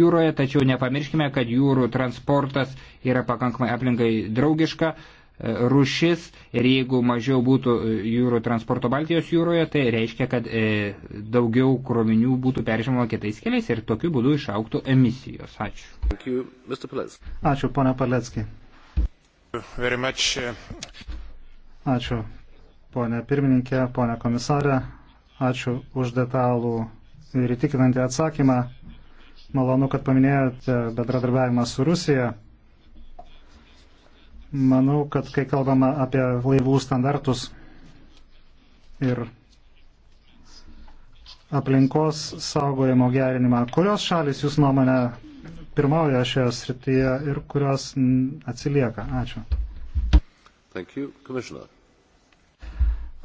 jūroje, tačiau nepamirškime, kad jūrų transportas yra pakankamai aplinkai draugiška, E, rušis ir jeigu mažiau būtų e, jūrų transporto Baltijos jūroje, tai reiškia, kad e, daugiau krovinių būtų peržymama kitais keliais ir tokiu būdu išauktų emisijos. Ačiū. Ačiū, ponia Palecki. Ačiū, ponia pirmininkė, ponia komisarė. Ačiū už detalų ir įtikinantį atsakymą. Malonu, kad paminėjote bendradarbiavimą su Rusija. Manau, kad kai kalbama apie laivų standartus ir aplinkos saugojimo gerinimą, kurios šalis jūs nuomonę pirmauja šioje srityje ir kurios atsilieka? Ačiū. Thank you,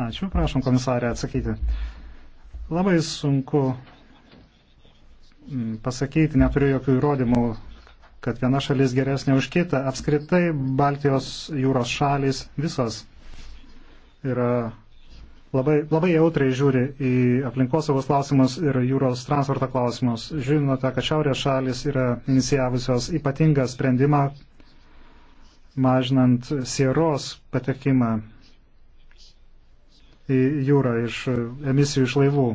Ačiū, prašom komisarė atsakyti. Labai sunku pasakyti, neturiu jokių įrodymų kad viena šalis geresnė už kitą. Apskritai Baltijos jūros šalis visos yra labai, labai jautriai žiūri į aplinkosaugos klausimus ir jūros transporto klausimus. Žinote, kad šiaurės šalis yra inicijavusios ypatingą sprendimą mažinant sieros patekimą į jūrą iš emisijų iš laivų.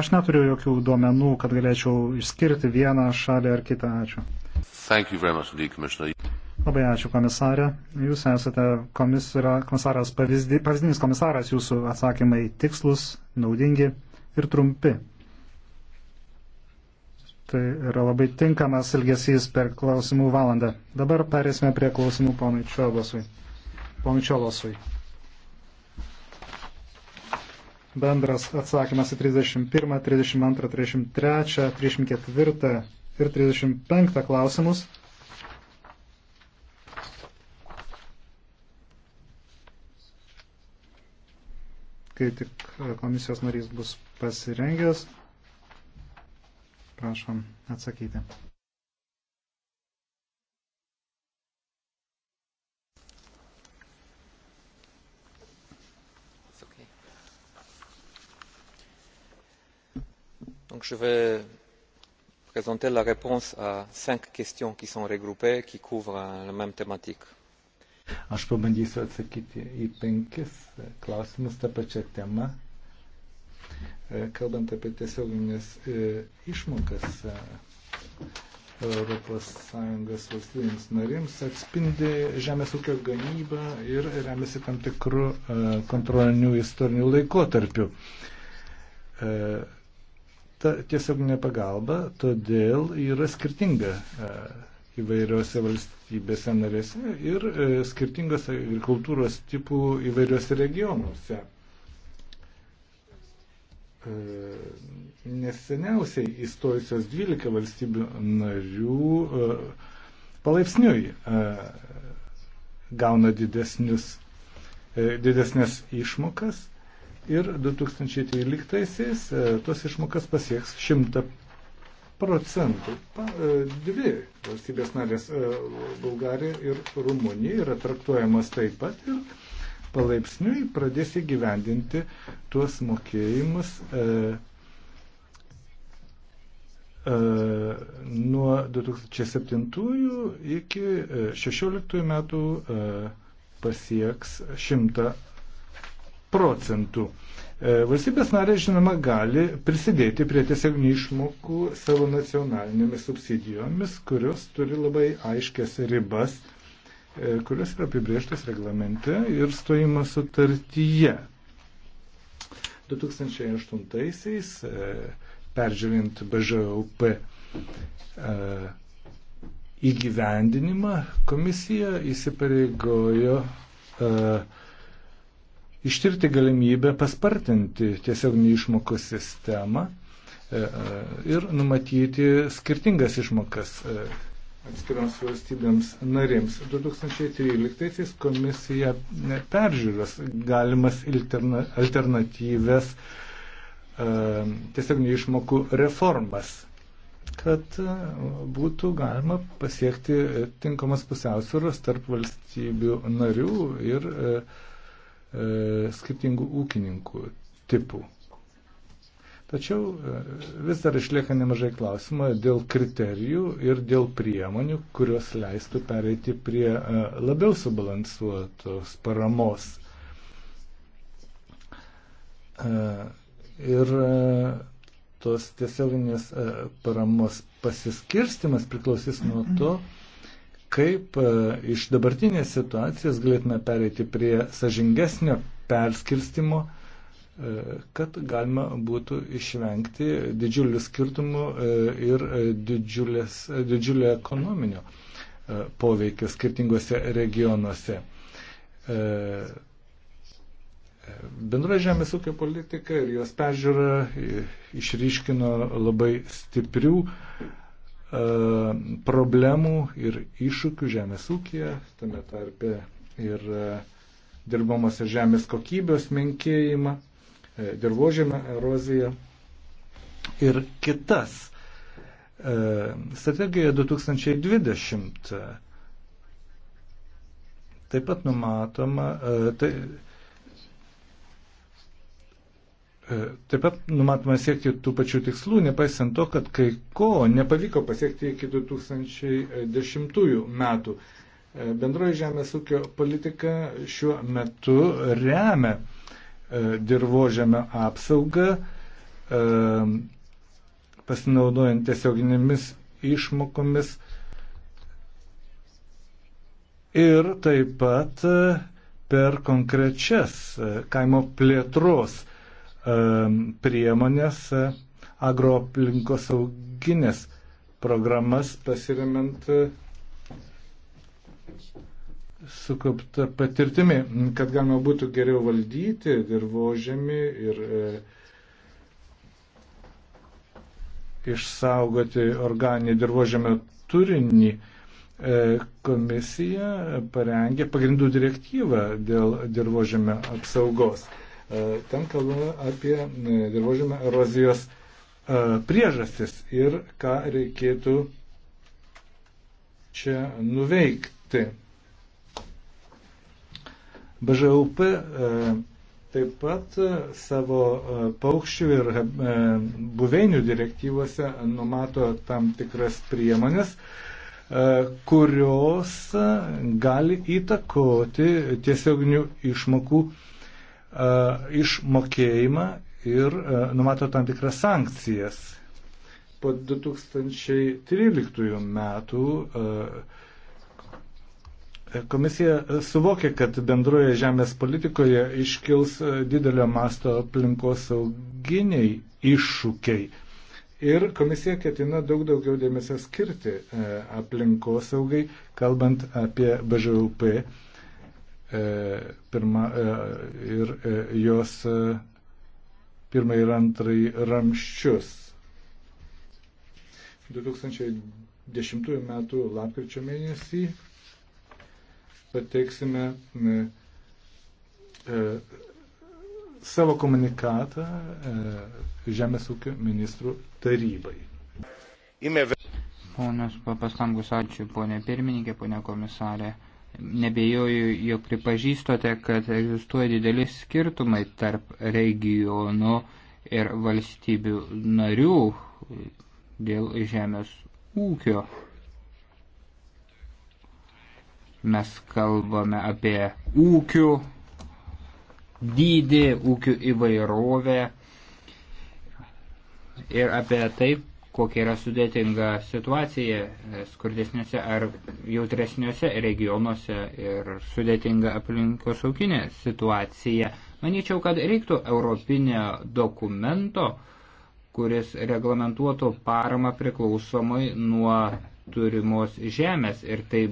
Aš neturiu jokių duomenų, kad galėčiau išskirti vieną šalį ar kitą. Ačiū. Indeed, Labai ačiū komisarė. Jūs esate komisaras pavyzdi, pavyzdinis komisaras, jūsų atsakymai tikslus, naudingi ir trumpi. Tai yra labai tinkamas ilgesys per klausimų valandą. Dabar perėsime prie klausimų ponui Čiolosui. Ponui Čiolosui bendras atsakymas į 31, 32, 33, 34, ir 35 klausimus. Kai tik e, komisijos narys bus pasirengęs, prašom atsakyti. Donc je vais présenter la réponse à cinq questions qui sont regroupées, qui couvrent euh, la même thématique. Aš pabandysiu atsakyti į penkis e, klausimus tą pačią temą. E, kalbant apie tiesioginės e, išmokas, ES valstybėms narėms atspindi žemės ūkio gamybą ir remiasi tam tikrų kontrolinių istorinių laikotarpių ta tiesioginė pagalba todėl yra skirtinga e, įvairiose valstybėse narėse ir e, skirtingas agrikultūros tipų įvairiose regionuose. E, neseniausiai įstojusios 12 valstybių narių palaipsniui gauna didesnius, didesnės išmokas ir 2013-aisiais e, tos išmokas pasieks 100 procentų. Pa, e, dvi valstybės narės e, - Bulgarija ir Rumunija - yra traktuojamos taip pat ir palaipsniui pradės įgyvendinti tuos mokėjimus e, e, nuo 2007 iki 2016 metų e, pasieks 100 procentų. E, valstybės narės, žinoma, gali prisidėti prie tiesioginių išmokų savo nacionalinėmis subsidijomis, kurios turi labai aiškias ribas, e, kurios yra apibrieštos reglamente ir stojimo sutartyje. 2008-aisiais, e, peržiūrint BŽUP įgyvendinimą, komisija įsipareigojo uh, ištirti galimybę paspartinti tiesioginių išmokų sistemą e, e, ir numatyti skirtingas išmokas e, atskiroms valstybėms narėms. 2013 komisija peržiūros galimas alternatyves tiesioginių išmokų reformas kad būtų galima pasiekti tinkamas pusiausvėros tarp valstybių narių ir uh, E, skirtingų ūkininkų tipų. Tačiau e, vis dar išlieka nemažai klausimų dėl kriterijų ir dėl priemonių, kurios leistų pereiti prie e, labiau subalansuotos paramos. Ir tos tiesioginės paramos pasiskirstimas priklausys nuo to, mm -hmm kaip e, iš dabartinės situacijos galėtume pereiti prie sažingesnio perskirstimo, e, kad galima būtų išvengti didžiulių skirtumų e, ir didžiulės, didžiulio ekonominio poveikio skirtingose regionuose. Bendra žemės ūkio politika ir jos peržiūra išryškino labai stiprių E, problemų ir iššūkių žemės ūkija, tame tarpe ir e, dirbamosios žemės kokybės menkėjimą, e, dirbožėmio eroziją ir kitas. Strategija 2020 taip pat numatoma, tai E, taip pat numatoma siekti tų pačių tikslų, nepaisant to, kad kai ko nepavyko pasiekti iki 2010 metų. E, bendroji žemės ūkio politika šiuo metu remia e, dirbožėmio apsaugą, pasinaudojant tiesioginėmis išmokomis ir taip pat per konkrečias kaimo plėtros priemonės, e, agroaplinkos auginės programas pasiremiant e, sukaupta patirtimi, kad galima būtų geriau valdyti dirbožėmį ir e, išsaugoti organinį dirbožėmio turinį. E, komisija parengė pagrindų direktyvą dėl dirbožėmio apsaugos. E, ten kalbame apie e, dirbožėmio erozijos e, priežastis ir ką reikėtų čia nuveikti. BŽUP taip pat savo paukščių ir buveinių direktyvose numato tam tikras priemonės, kurios gali įtakoti tiesioginių išmokų išmokėjimą ir numato tam tikras sankcijas. Po 2013 metų Komisija suvokė, kad bendroje žemės politikoje iškils didelio masto aplinkosauginiai iššūkiai. Ir komisija ketina daug daugiau dėmesio skirti aplinkosaugai, kalbant apie BŽUP E, pirma, e, ir e, jos pirmą ir antrąjį ramščius. 2010 m. lapkričio mėnesį pateiksime savo komunikatą Žemės ūkio ministrų tarybai. Ponas Papastangos, ačiū ponė pirmininkė, ponė komisarė. Nebejoju, jog pripažįstate, kad egzistuoja dideli skirtumai tarp regionų ir valstybių narių dėl žemės ūkio. Mes kalbame apie ūkių dydį, ūkių įvairovę ir apie taip, kokia yra sudėtinga situacija e, skurdesniuose ar jautresniuose regionuose ir sudėtinga aplinkosaukinė situacija. Manyčiau, kad reiktų europinio dokumento, kuris reglamentuotų paramą priklausomai nuo turimos žemės ir tai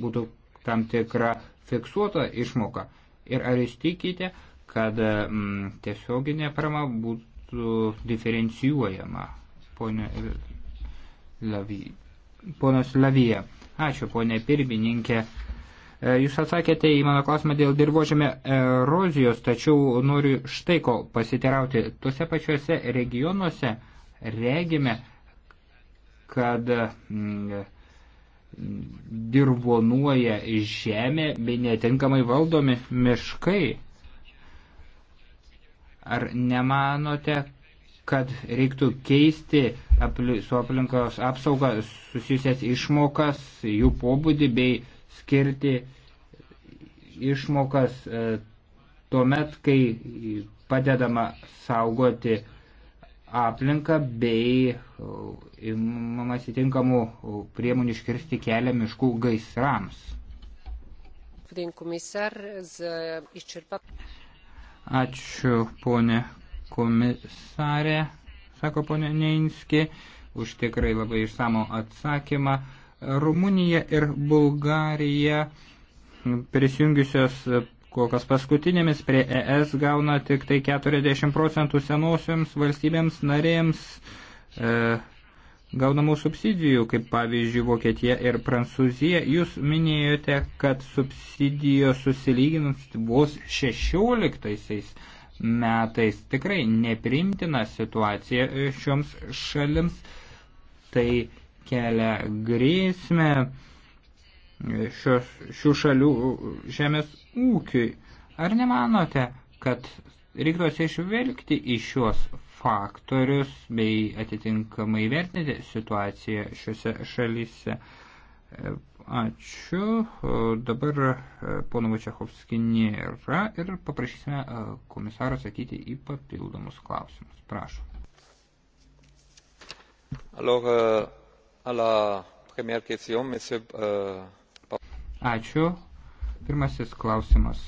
būtų tam tikra fiksuota išmoka. Ir ar jūs tikite, kad mm, tiesioginė parama būtų diferencijuojama? ponė Lavy. Ponas Lavyje. Ačiū, ponė pirmininkė. E, jūs atsakėte į mano klausimą dėl dirbožėme erozijos, tačiau noriu štai ko pasiterauti. Tuose pačiuose regionuose regime, kad mm, dirbonuoja žemė bei netinkamai valdomi miškai. Ar nemanote, kad reiktų keisti apli, su aplinkos apsauga susijusias išmokas, jų pobūdį bei skirti išmokas e, tuo met, kai padedama saugoti aplinką bei e, imamas įtinkamų e, priemonių iškirsti kelią miškų gaisrams. Ačiū, ponė komisarė, sako ponė Neinski, už tikrai labai išsamų atsakymą. Rumunija ir Bulgarija prisijungiusios kol kas paskutinėmis prie ES gauna tik tai 40 procentų senosiams valstybėms narėms e, gaunamų subsidijų, kaip pavyzdžiui Vokietija ir Prancūzija. Jūs minėjote, kad subsidijos susilyginant vos 16 metais. Tikrai neprimtina situacija šioms šalims. Tai kelia grėsmę šios, šių šalių žemės ūkiui. Ar nemanote, kad reiktų atsižvelgti į šios faktorius bei atitinkamai vertinti situaciją šiuose šalyse? Ačiū. Dabar e, pono Vačiachovskį nėra ir paprašysime e, komisarą atsakyti į papildomus klausimus. Prašom. Alors, e, à la première question, monsieur... Ačiū. Pirmasis klausimas.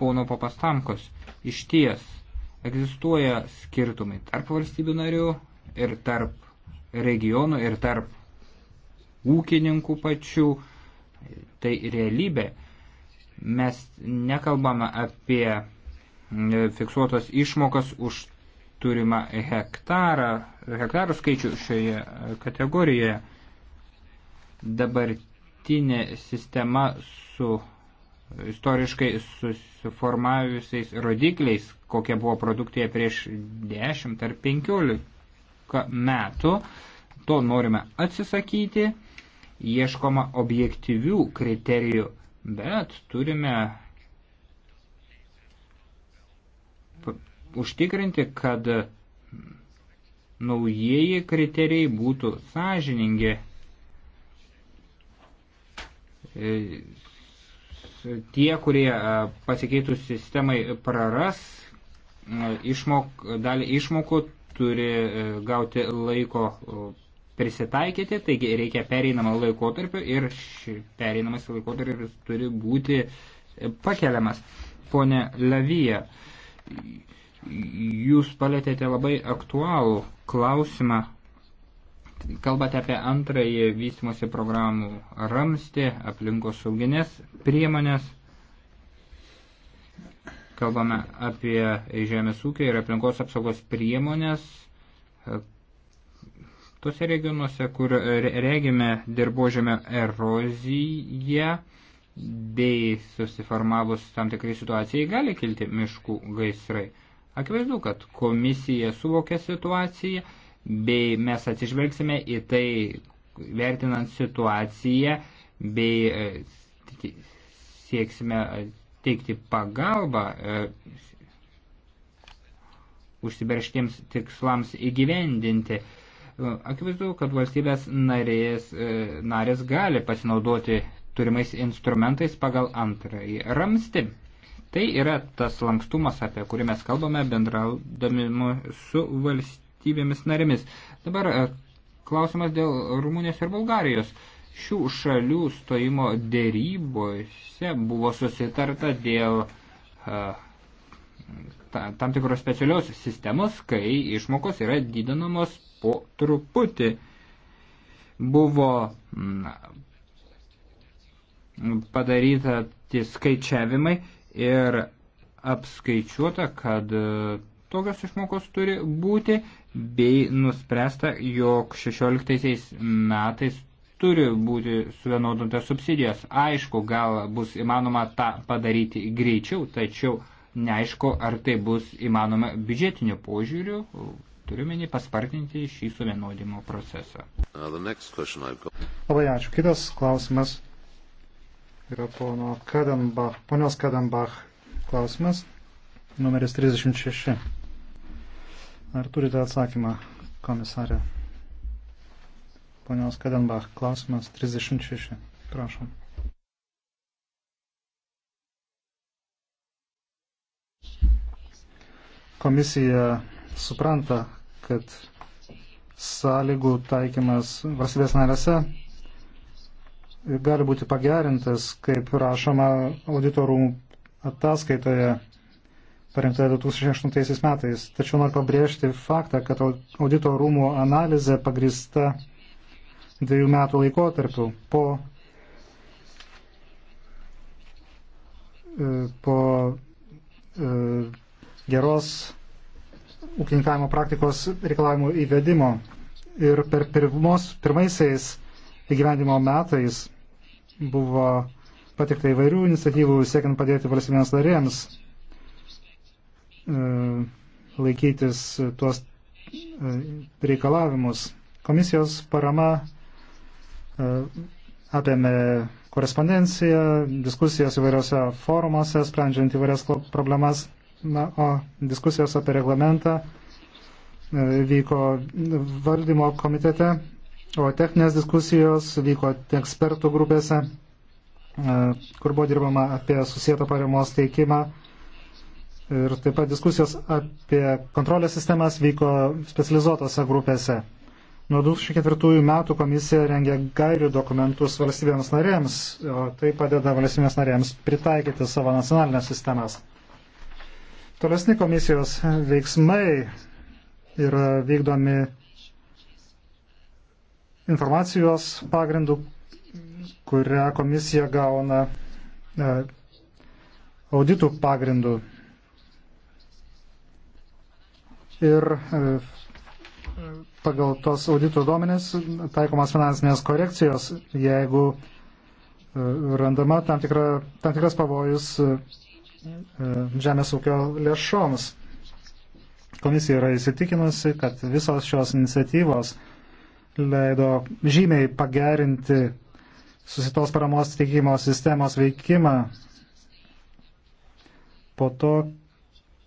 Pono Papastamkos, iš ties egzistuoja skirtumai tarp valstybių narių ir tarp regionų ir tarp ūkininkų pačių, tai realybė. Mes nekalbame apie e, fiksuotos išmokas už turimą hektarą, hektarų skaičių šioje kategorijoje. Dabartinė sistema su istoriškai susiformavusiais rodikliais, kokia buvo produkcija prieš 10 ar 15 metų, to norime atsisakyti ieškoma objektyvių kriterijų, bet turime užtikrinti, kad naujieji kriterijai būtų sąžiningi. E, tie, kurie e, pasikeitus sistemai praras e, išmok, dalį išmokų, turi gauti laiko prisitaikyti, taigi reikia pereinamą laikotarpį ir pereinamas laikotarpis turi būti pakeliamas. Pone Lavija, jūs palėtėte labai aktualų klausimą. Kalbate apie antrąjį vystimosi programų ramstį, aplinkos sauginės priemonės. Kalbame apie žemės ūkio ir aplinkos apsaugos priemonės, Tose regionuose, kur e, regime dirbožėme eroziją, bei susiformavus tam tikrai situacijai gali kilti miškų gaisrai. Akivaizdu, kad komisija suvokia situaciją, bei mes atsižvelgsime į tai, vertinant situaciją, bei e, sieksime e, teikti pagalbą užsiberštiems tikslams įgyvendinti. Akivaizdu, kad valstybės narės, e, narės gali pasinaudoti turimais instrumentais pagal antrąjį ramstį. Tai yra tas lankstumas, apie kurį mes kalbame bendraudami su valstybėmis narėmis. Dabar e, klausimas dėl Rumunijos ir Bulgarijos. Šių šalių stojimo dėrybose buvo susitarta dėl e, tam tikros specialios sistemos, kai išmokos yra didinamos po truputį. Buvo mm, padaryta tie skaičiavimai ir apskaičiuota, kad e, tokios išmokos turi būti, bei nuspręsta, jog 16 metais turi būti suvienodintos subsidijos. Aišku, gal bus įmanoma tą padaryti greičiau, tačiau neaišku, ar tai bus įmanoma biudžetiniu požiūriu, turiuomenį paspartinti šį suvienodimo procesą. Uh, Labai ačiū. Kitas klausimas yra pono Kadenbach, ponios Kadenbach klausimas, numeris 36. Ar turite atsakymą, komisarė? Ponios Kadenbach klausimas 36. Prašom. Komisija supranta, kad sąlygų taikymas valstybės narėse gali būti pagerintas, kaip rašoma auditorų ataskaitoje parengtoje 2008 metais. Tačiau noriu pabrėžti faktą, kad audito rūmų analizė pagrista dviejų metų laikotarpiu po, e, po E, geros ūkininkavimo praktikos reikalavimų įvedimo. Ir per pirmos, pirmaisiais įgyvendimo metais buvo patikta įvairių iniciatyvų siekiant padėti valstybėms narėms e, laikytis tuos e, reikalavimus. Komisijos parama apėmė korespondenciją, diskusijas įvairiose forumuose, sprendžiant įvairias problemas. Na, o diskusijos apie reglamentą e, vyko valdymo komitete, o techninės diskusijos vyko ekspertų grupėse, e, kur buvo dirbama apie susijęto paramos teikimą. Ir taip pat diskusijos apie kontrolės sistemas vyko specializuotose grupėse. Nuo 2004 metų komisija rengia gairių dokumentus valstybėms narėms, o tai padeda valstybėms narėms pritaikyti savo nacionalinės sistemas. Tolesni komisijos veiksmai yra vykdomi informacijos pagrindų, kurią komisija gauna e, auditų pagrindų. Ir e, pagal tos audito duomenis taikomas finansinės korekcijos, jeigu e, randama tam, tikra, tam tikras pavojus e, e, žemės ūkio lėšoms. Komisija yra įsitikinusi, kad visos šios iniciatyvos leido žymiai pagerinti susitos paramos teikimo sistemos veikimą po to,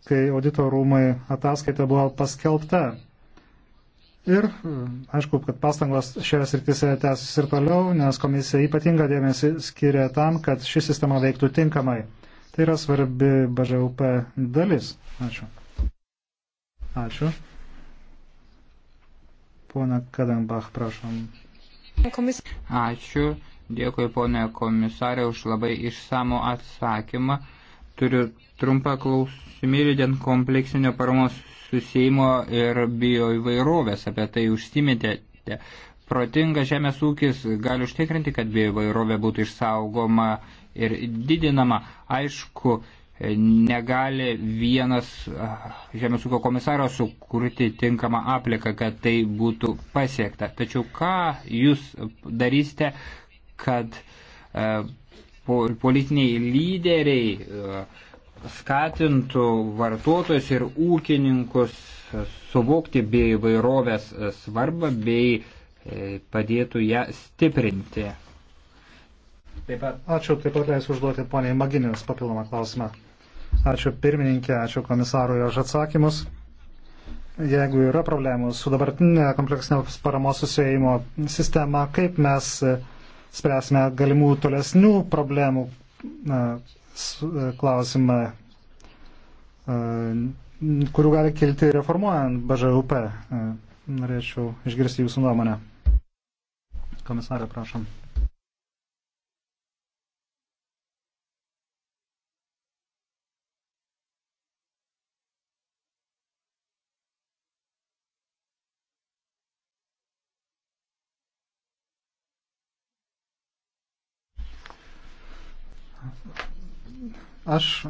kai audito rūmai ataskaita buvo paskelbta. Ir aišku, kad pastangos šioje srityse tęsis ir toliau, nes komisija ypatinga dėmesį skiria tam, kad ši sistema veiktų tinkamai. Tai yra svarbi BŽUP dalis. Ačiū. Ačiū. Pona Kadambach, prašom. Ačiū. Dėkui, ponė komisarė, už labai išsamų atsakymą. Turiu trumpą klausimėlį dėl kompleksinio paramos susėjimo ir bioįvairovės, apie tai užsiminėte. Protingas žemės ūkis gali užtikrinti, kad bioįvairovė būtų išsaugoma ir didinama. Aišku, negali vienas žemės ūkio komisaras sukurti tinkamą apliką, kad tai būtų pasiekta. Tačiau ką jūs darysite, kad politiniai lyderiai uh, skatintų vartotojus ir ūkininkus suvokti bei įvairovės svarbą bei e, padėtų ją stiprinti. Taip pat. Ačiū, taip pat leisiu užduoti poniai Maginės papildomą klausimą. Ačiū pirmininkė, ačiū komisarui už atsakymus. Jeigu yra problemų su dabartinė kompleksinio paramos susijimo sistema, kaip mes e, spręsime galimų tolesnių problemų E, klausimą, e, kurių gali kilti reformuojant BŽUP. E, norėčiau išgirsti jūsų nuomonę. Komisarė, prašom. Aš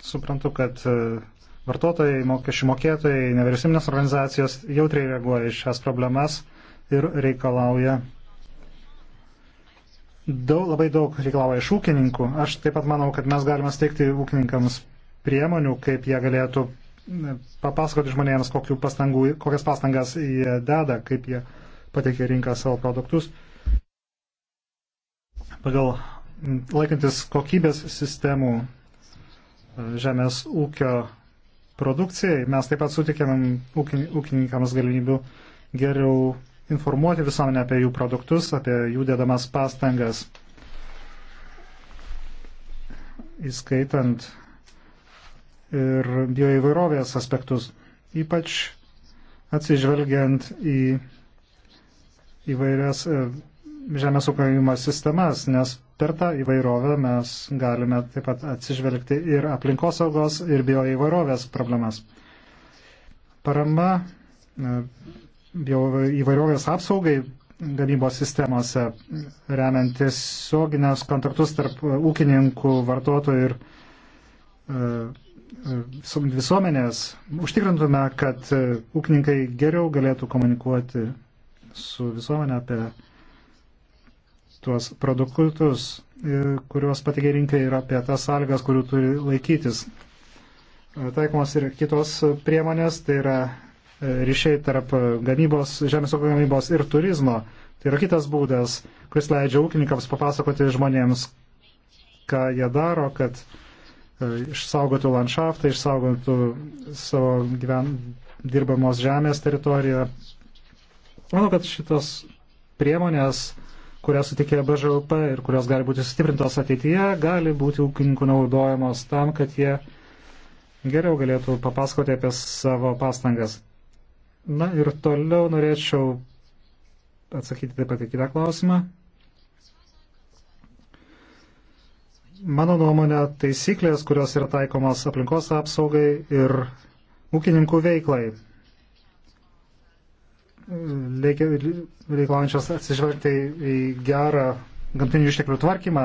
suprantu, kad e, vartotojai, mokesčių mokėtojai, nevyriausybinės organizacijos jautriai reaguoja į šias problemas ir reikalauja. Daug, labai daug reikalauja iš ūkininkų. Aš taip pat manau, kad mes galime steigti ūkininkams priemonių, kaip jie galėtų e, papasakoti žmonėms, pastangų, kokias pastangas jie deda, kaip jie pateikia rinką savo produktus. Pagal laikantis kokybės sistemų e, žemės ūkio produkcijai, mes taip pat sutikėm ūkininkams galimybių geriau informuoti visuomenę apie jų produktus, apie jų dedamas pastangas, įskaitant ir bioįvairovės aspektus, ypač atsižvelgiant į įvairias e, žemės ūkio sistemas, nes per tą įvairovę mes galime taip pat atsižvelgti ir aplinkosaugos, ir bioįvairovės problemas. Parama e, bioįvairovės apsaugai gamybos sistemose, remiant tiesioginės kontaktus tarp e, ūkininkų, vartotojų ir e, visuomenės, užtikrintume, kad ūkininkai geriau galėtų komunikuoti su visuomenė apie tuos produktus, e, kuriuos patikė rinkai ir apie tas sąlygas, kurių turi laikytis. E, taikomos ir kitos priemonės, tai yra e, ryšiai tarp gamybos, žemės ūkio gamybos ir turizmo. Tai yra kitas būdas, kuris leidžia ūkininkams papasakoti žmonėms, ką jie daro, kad išsaugotų landšaftą, išsaugotų savo gyven... dirbamos žemės teritoriją. Manau, kad šitos priemonės kurias sutikė BŽUP ir kurios gali būti sustiprintos ateityje, gali būti ūkininkų naudojamos tam, kad jie geriau galėtų papasakoti apie savo pastangas. Na ir toliau norėčiau atsakyti taip pat į kitą klausimą. Mano nuomonė, taisyklės, kurios yra taikomas aplinkos apsaugai ir ūkininkų veiklai, reikalaujančios atsižvelgti į gerą gamtinių išteklių tvarkymą,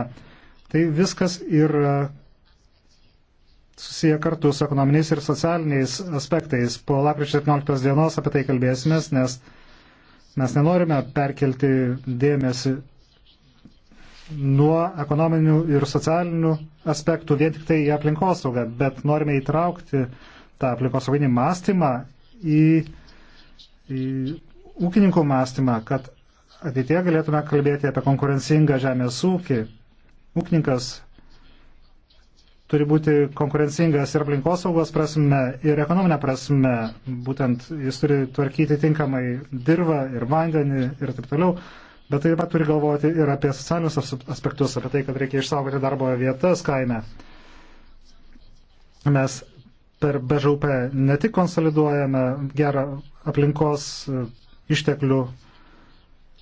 tai viskas yra e, susiję kartu su ekonominiais ir socialiniais aspektais. Po lapkričio 17 dienos apie tai kalbėsimės, nes mes nenorime perkelti dėmesį nuo ekonominių ir socialinių aspektų vien tik tai į aplinkosaugą, bet norime įtraukti tą aplinkosauginį mąstymą į, į ūkininkų mąstymą, kad ateitie galėtume kalbėti apie konkurencingą žemės ūkį. Ūkininkas turi būti konkurencingas ir aplinkosaugos prasme, ir ekonominė prasme. Būtent jis turi tvarkyti tinkamai dirbą ir vandenį ir taip toliau. Bet taip pat turi galvoti ir apie socialinius aspektus, apie tai, kad reikia išsaugoti darbo vietas kaime. Mes per BŽUP ne tik konsoliduojame gerą aplinkos išteklių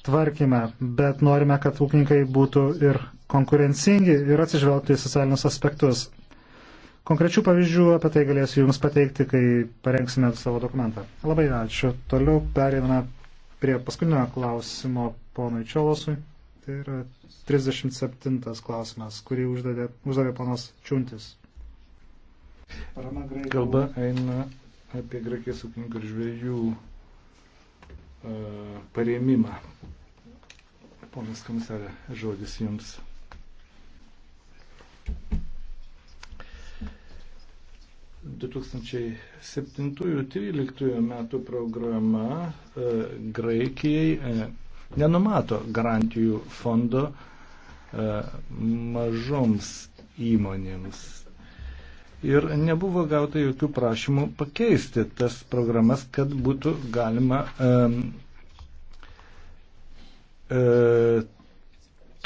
tvarkime, bet norime, kad ūkininkai būtų ir konkurencingi ir atsižvelgtų į socialinius aspektus. Konkrečių pavyzdžių apie tai galėsiu Jums pateikti, kai parengsime savo dokumentą. Labai ačiū. Toliau pereiname prie paskutinio klausimo ponui Čiolosui. Tai yra 37 klausimas, kurį uždavė, uždavė ponas Čiuntis. Kalba eina apie graikės ūkininkų ir žvėjų E, paremimą. Ponas komisarė, žodis jums. metų programa e, Graikijai e, nenumato garantijų fondo mažoms įmonėms ir nebuvo gauta jokių prašymų pakeisti tas programas, kad būtų galima e, e,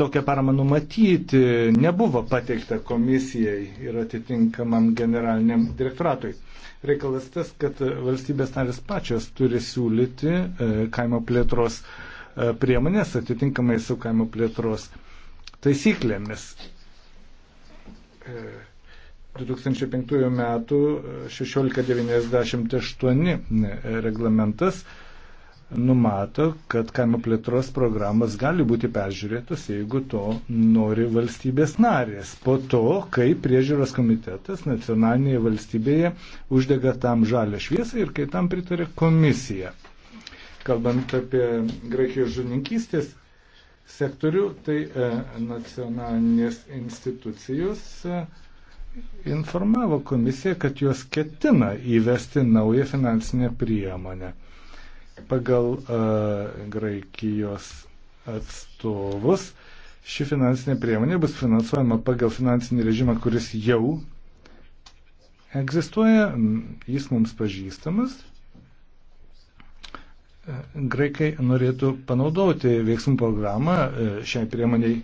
tokią paramą numatyti. Nebuvo pateikta komisijai ir atitinkamam generaliniam direktoratui. Reikalas tas, kad valstybės narės pačios turi siūlyti e, kaimo plėtros e, priemonės atitinkamai su kaimo plėtros taisyklėmis. E, 2005 m. 1698 reglamentas numato, kad kaimo plėtros programos gali būti peržiūrėtos, jeigu to nori valstybės narės. Po to, kai priežiūros komitetas nacionalinėje valstybėje uždega tam žalę šviesą ir kai tam pritarė komisija. Kalbant apie Graikijos žuninkystės sektorių, tai e, nacionalinės institucijos e, informavo komisiją, kad juos ketina įvesti naują finansinę priemonę. Pagal uh, Graikijos atstovus ši finansinė priemonė bus finansuojama pagal finansinį režimą, kuris jau egzistuoja, jis mums pažįstamas. Graikai norėtų panaudoti veiksmų programą e, šiai priemoniai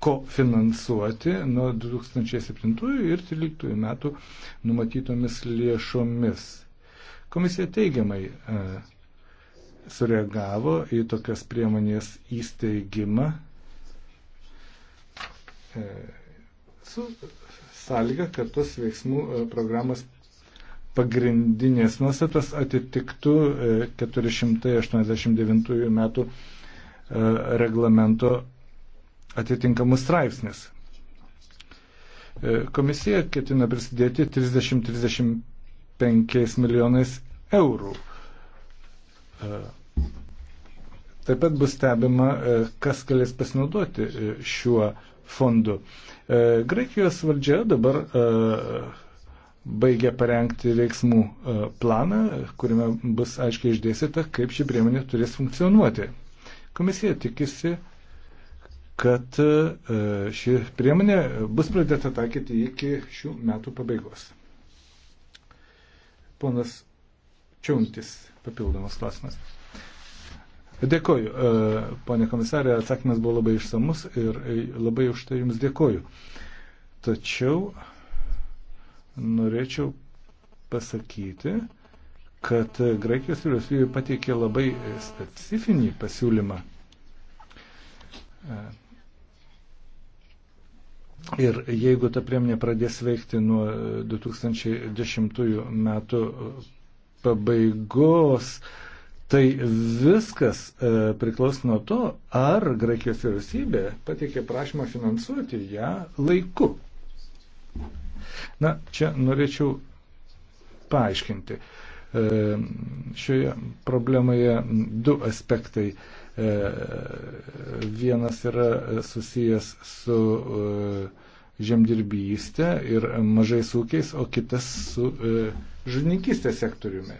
kofinansuoti nuo 2007 ir 2013 metų numatytomis lėšomis. Komisija teigiamai e, sureagavo į tokias priemonės įsteigimą e, su sąlyga, kad tos veiksmų e, programos pagrindinės nuostatas atitiktų 489 metų reglamento atitinkamus straipsnis. E, komisija ketina prisidėti 30-35 milijonais eurų. E, taip pat bus stebima, e, kas galės pasinaudoti šiuo fondu. Graikijos valdžia dabar baigia parengti veiksmų planą, kuriame bus aiškiai išdėsita, kaip ši priemonė turės funkcionuoti. Komisija tikisi kad e, ši priemonė bus pradėta taikyti iki šių metų pabaigos. Ponas Čiauntis, papildomas klausimas. Dėkoju, e, ponė komisarė, atsakymas buvo labai išsamus ir e, labai už tai jums dėkoju. Tačiau norėčiau pasakyti, kad Graikijos vyriausybė pateikė labai specifinį pasiūlymą. Ir jeigu ta priemonė pradės veikti nuo 2010 metų pabaigos, tai viskas e, priklauso nuo to, ar Graikijos vyriausybė pateikė prašymą finansuoti ją laiku. Na, čia norėčiau paaiškinti. E, šioje problemoje du aspektai. E, E, vienas yra susijęs su e, žemdirbystė ir mažais ūkiais, o kitas su e, žuvininkystės sektoriumi.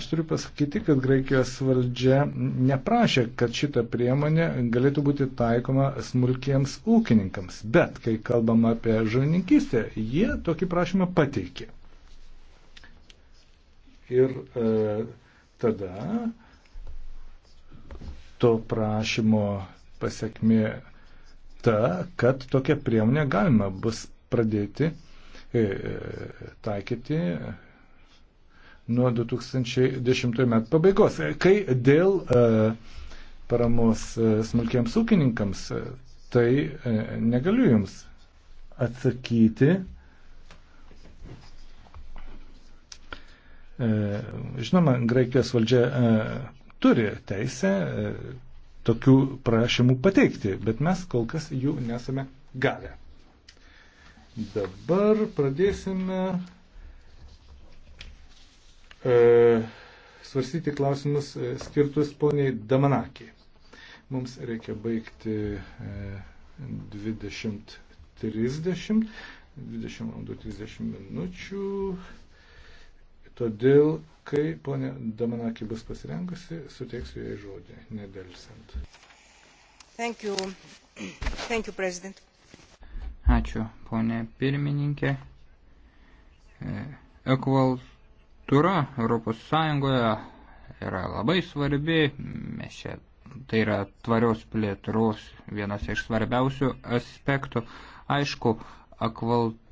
Aš turiu pasakyti, kad Graikijos valdžia neprašė, kad šita priemonė galėtų būti taikoma smulkiems ūkininkams, bet kai kalbam apie žuvininkystę, jie tokį prašymą pateikė. Ir e, tada e, to prašymo pasiekmi ta, kad tokią priemonę galima bus pradėti e, taikyti nuo 2010 metų pabaigos, e, kai dėl e, paramos smulkiems ūkininkams, tai negaliu jums atsakyti. Žinoma, Graikijos valdžia turi teisę e, tokių prašymų pateikti, bet mes kol kas jų nesame gavę. Dabar pradėsime e, svarstyti klausimus e, skirtus poniai Damanakiai. Mums reikia baigti e, 20.30, 20 valandų 20, 20 minučių. Todėl, kai ponė Damanakė bus pasirengusi, suteiksiu jai žodį, nedelsiant. Thank you. Thank you, President. Ačiū, ponė pirmininkė. E, Ekvaltūra Europos Sąjungoje yra labai svarbi. Mes čia tai yra tvarios plėtros vienas iš svarbiausių aspektų. Aišku, akvaltūra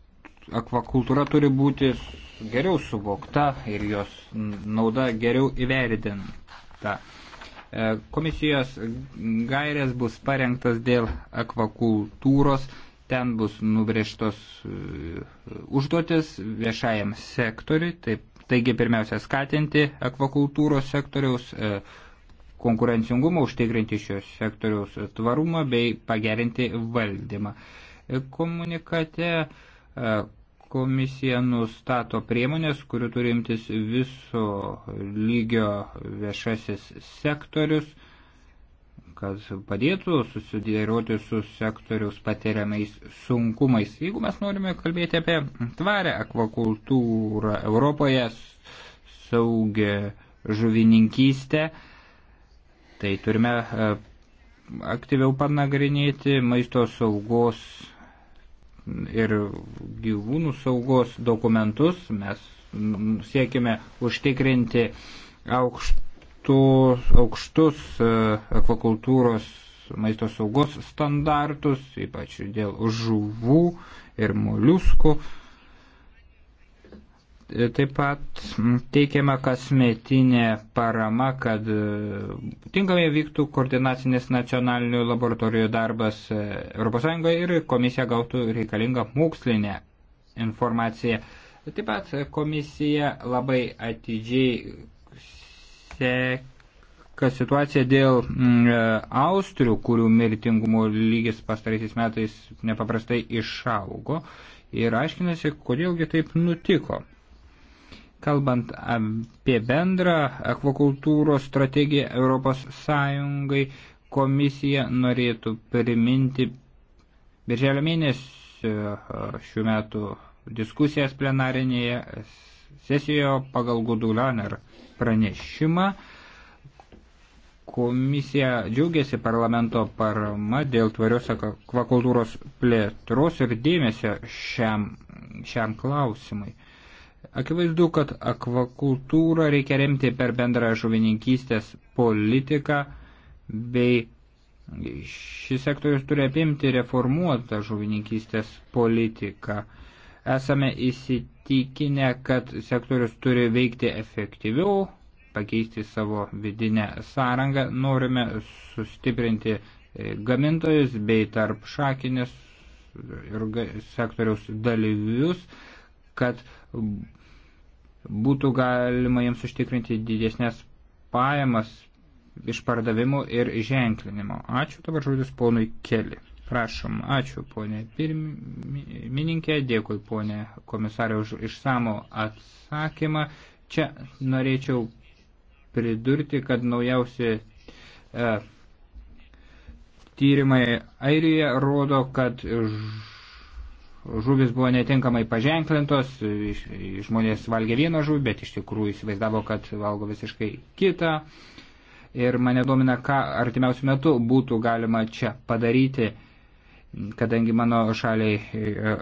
akvakultūra turi būti geriau suvokta ir jos nauda geriau įvertinta. E, komisijos gairės bus parengtas dėl akvakultūros, ten bus nubrėžtos e, užduotis viešajam sektoriui, taip, taigi pirmiausia skatinti akvakultūros sektoriaus e, konkurencingumą, užtikrinti šios sektoriaus tvarumą bei pagerinti valdymą. Komunikate E, komisija nustato priemonės, kurių turimtis viso lygio viešasis sektorius, kad padėtų susidėroti su sektoriaus patiriamais sunkumais. Jeigu mes norime kalbėti apie tvarę akvakultūrą Europoje, saugę žuvininkystę, tai turime e, aktyviau panagrinėti maisto saugos ir gyvūnų saugos dokumentus. Mes siekime užtikrinti aukštų, aukštus e, akvakultūros maisto saugos standartus, ypač dėl žuvų ir moliuskų. Taip pat teikiama kasmetinė parama, kad e, tinkamai vyktų koordinacinis nacionalinių laboratorijų darbas ES ir komisija gautų reikalingą mokslinę informaciją. Taip pat komisija labai atidžiai seka situaciją dėl mm, e, austrių, kurių mirtingumo lygis pastaraisiais metais nepaprastai išaugo ir aiškinasi, kodėlgi taip nutiko. Kalbant apie bendrą akvakultūros strategiją Europos Sąjungai, komisija norėtų priminti birželio mėnesio šių metų diskusijas plenarinėje sesijoje pagal Gudulaner pranešimą. Komisija džiaugiasi parlamento parama dėl tvarios akvakultūros plėtros ir dėmesio šiam, šiam klausimui. Akivaizdu, kad akvakultūrą reikia remti per bendrą žuvininkystės politiką, bei šis sektorius turi apimti reformuotą žuvininkystės politiką. Esame įsitikinę, kad sektorius turi veikti efektyviau, pakeisti savo vidinę sąrangą, norime sustiprinti e, gamintojus bei tarp šakinės ir sektoriaus dalyvius, kad uh, būtų galima jiems užtikrinti didesnės pajamas iš pardavimų ir ženklinimo. Ačiū dabar žodis ponui Keli. Prašom, ačiū ponė pirmininkė, dėkui ponė komisarė už išsamų atsakymą. Čia norėčiau pridurti, kad naujausi e, tyrimai Airijoje rodo, kad ž žuvis buvo netinkamai paženklintos, žmonės valgė vieną žuvį, bet iš tikrųjų įsivaizdavo, kad valgo visiškai kitą. Ir mane domina, ką artimiausių metų būtų galima čia padaryti, kadangi mano šaliai e,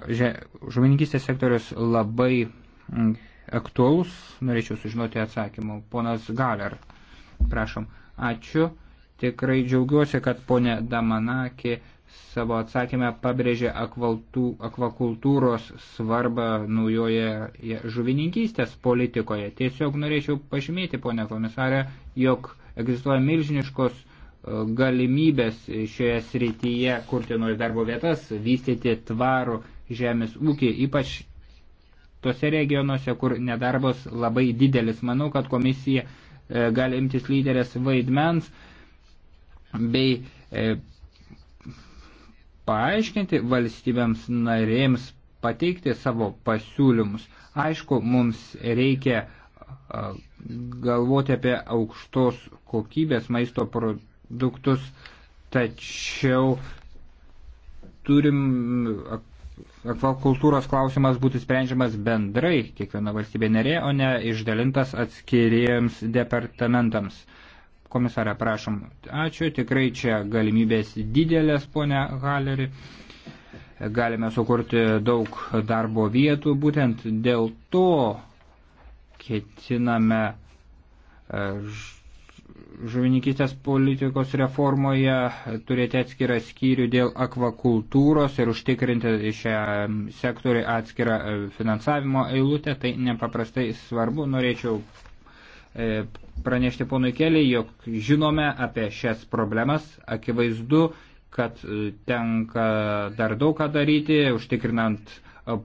žuvininkistės sektorius labai mm, aktualus, norėčiau sužinoti atsakymą. Ponas Galer, prašom, ačiū. Tikrai džiaugiuosi, kad ponė Damanakė savo atsakymę pabrėžė akvaltų, akvakultūros svarbą naujoje žuvininkystės politikoje. Tiesiog norėčiau pažymėti, ponė komisarė, jog egzistuoja milžiniškos e, galimybės šioje srityje kurti naujas darbo vietas, vystyti tvarų žemės ūkį, ypač tose regionuose, kur nedarbos labai didelis. Manau, kad komisija e, gali imtis lyderės vaidmens bei e, paaiškinti valstybėms narėms, pateikti savo pasiūlymus. Aišku, mums reikia galvoti apie aukštos kokybės maisto produktus, tačiau turim akvakultūros klausimas būtų sprendžiamas bendrai kiekviena valstybė narė, o ne išdalintas atskiriems departamentams. Komisarė, prašom. Ačiū, tikrai čia galimybės didelės, ponia Haleri. Galime sukurti daug darbo vietų, būtent dėl to ketiname e, žuvininkistės politikos reformoje turėti atskirą skyrių dėl akvakultūros ir užtikrinti šią sektorių atskirą e, finansavimo eilutę. Tai nepaprastai svarbu. Norėčiau e, pranešti ponui Kelį, jog žinome apie šias problemas, akivaizdu, kad e, tenka dar daug ką daryti, užtikrinant e,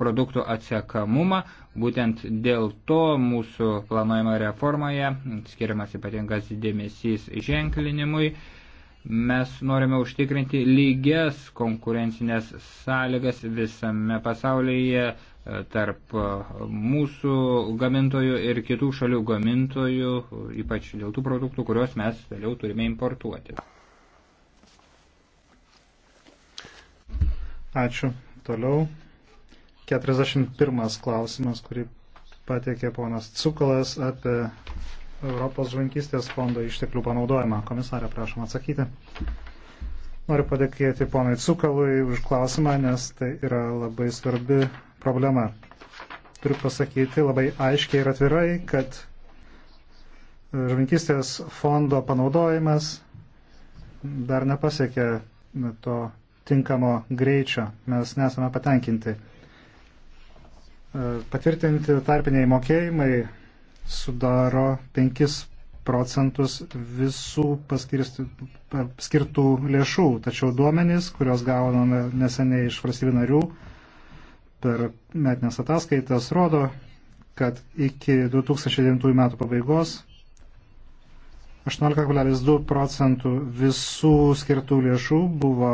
produktų atsekamumą. Būtent dėl to mūsų planuojamoje reformoje skiriamas ypatingas dėmesys ženklinimui. Mes norime užtikrinti lygias konkurencinės sąlygas visame pasaulyje tarp mūsų gamintojų ir kitų šalių gamintojų, ypač dėl tų produktų, kuriuos mes vėliau turime importuoti. Ačiū. Toliau. 41 klausimas, kurį pateikė ponas Cukalas apie Europos žvankystės fondo išteklių panaudojimą. Komisarė, prašom atsakyti. Noriu padėkėti ponui Cukalui už klausimą, nes tai yra labai svarbi problema. Turiu pasakyti labai aiškiai ir atvirai, kad e, žuvinkistės fondo panaudojimas dar nepasiekė e, to tinkamo greičio. Mes nesame patenkinti. E, patvirtinti tarpiniai mokėjimai sudaro 5 procentus visų paskirtų lėšų, tačiau duomenys, kuriuos gauname neseniai iš valstybių narių, per metinės ataskaitas rodo, kad iki 2009 metų pabaigos 18,2 procentų visų skirtų lėšų buvo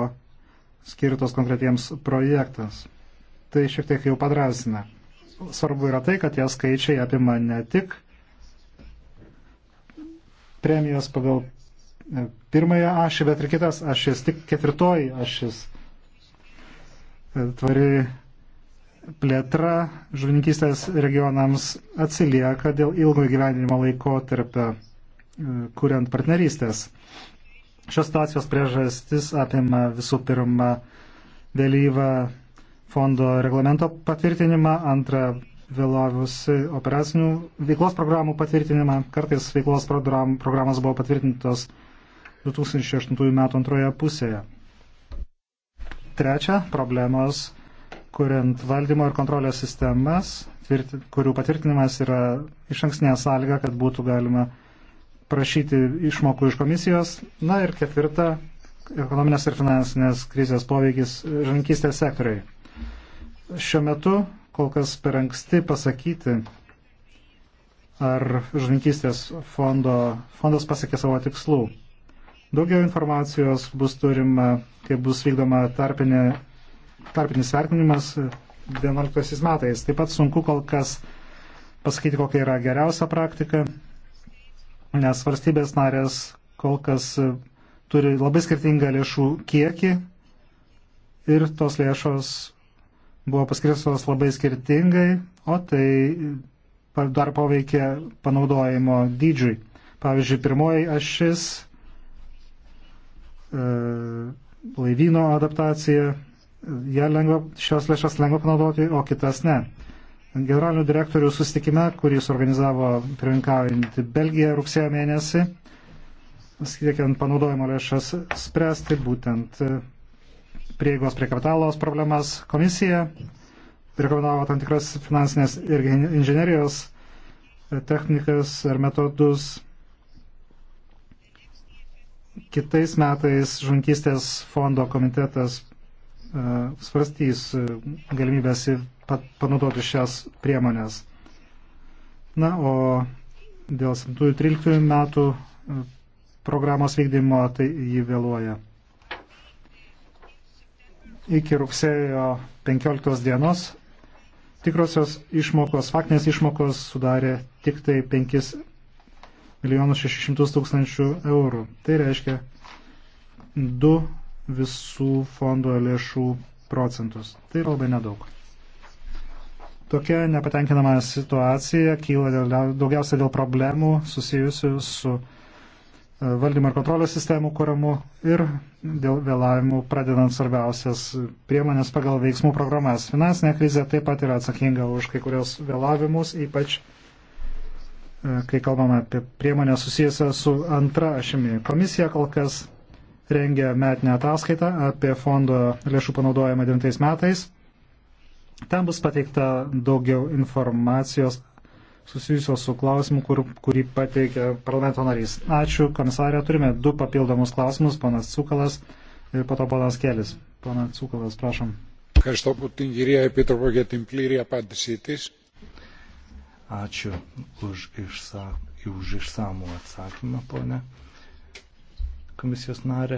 skirtos konkretiems projektams. Tai šiek tiek jau padrasina. Svarbu yra tai, kad tie skaičiai apima ne tik premijas pagal e, pirmąją ašį, bet ir kitas ašis, tik ketvirtoji ašis. E, tvari plėtra žuvininkystės regionams atsilieka dėl ilgo gyvenimo laiko tarp e, kuriant partnerystės. Šios situacijos priežastis apima visų pirma vėlyvą fondo reglamento patvirtinimą, antrą vėlavusi operacinių veiklos programų patvirtinimą. Kartais veiklos program, programos buvo patvirtintos 2008 m. antroje pusėje. Trečia, problemos kuriant valdymo ir kontrolės sistemas, tvirti, kurių patvirtinimas yra iš anksnė sąlyga, kad būtų galima prašyti išmokų iš komisijos. Na ir ketvirta, ekonominės ir finansinės krizės poveikis žankystės sektoriai. Šiuo metu kol kas per anksti pasakyti, ar žankystės fondo, fondas pasiekė savo tikslų. Daugiau informacijos bus turima, kai bus vykdoma tarpinė tarpinis vertinimas 2011 metais. Taip pat sunku kol kas pasakyti, kokia yra geriausia praktika, nes valstybės narės kol kas turi labai skirtingą lėšų kiekį ir tos lėšos buvo paskirstos labai skirtingai, o tai dar paveikė panaudojimo dydžiui. Pavyzdžiui, pirmoji ašis, e, laivyno adaptacija, ja lengva, šios lėšas lengva panaudoti, o kitas ne. Generalinių direktorių susitikime, kurį suorganizavo pirmininkaujantį Belgiją rugsėjo mėnesį, siekiant panaudojimo lėšas spręsti būtent e, prieigos prie kapitalos problemas, komisija rekomendavo tam tikras finansinės ir inžinerijos e, technikas ar metodus kitais metais žunkystės fondo komitetas E, svarstys e, galimybės panaudoti šias priemonės. Na, o dėl 7-13 metų e, programos vykdymo tai jį vėluoja. Iki rugsėjo 15 dienos tikrosios išmokos, faktinės išmokos sudarė tik tai 5 milijonus 600 tūkstančių eurų. Tai reiškia 2 visų fondo lėšų procentus. Tai yra labai nedaug. Tokia nepatenkinama situacija kyla dėl, daugiausia dėl problemų susijusių su e, valdymo ir kontrolės sistemų kūrimu ir dėl vėlavimų pradedant svarbiausias priemonės pagal veiksmų programas. Finansinė krizė taip pat yra atsakinga už kai kurios vėlavimus, ypač e, kai kalbame apie priemonę susijusią su antra ašimi. Komisija kol kas rengia metinę ataskaitą apie fondo lėšų panaudojimą 9 metais. Ten bus pateikta daugiau informacijos susijusios su klausimu, kur, kurį pateikė parlamento narys. Ačiū, komisarė. Turime du papildomus klausimus, panas Cukalas ir po to panas Kelis. Pana Cukalas, prašom. Ευχαριστώ που την κυρία Επίτροπο για την πλήρη απάντησή της. Ačiū už, išsa, už išsamų atsakymą, ponė komisijos narė,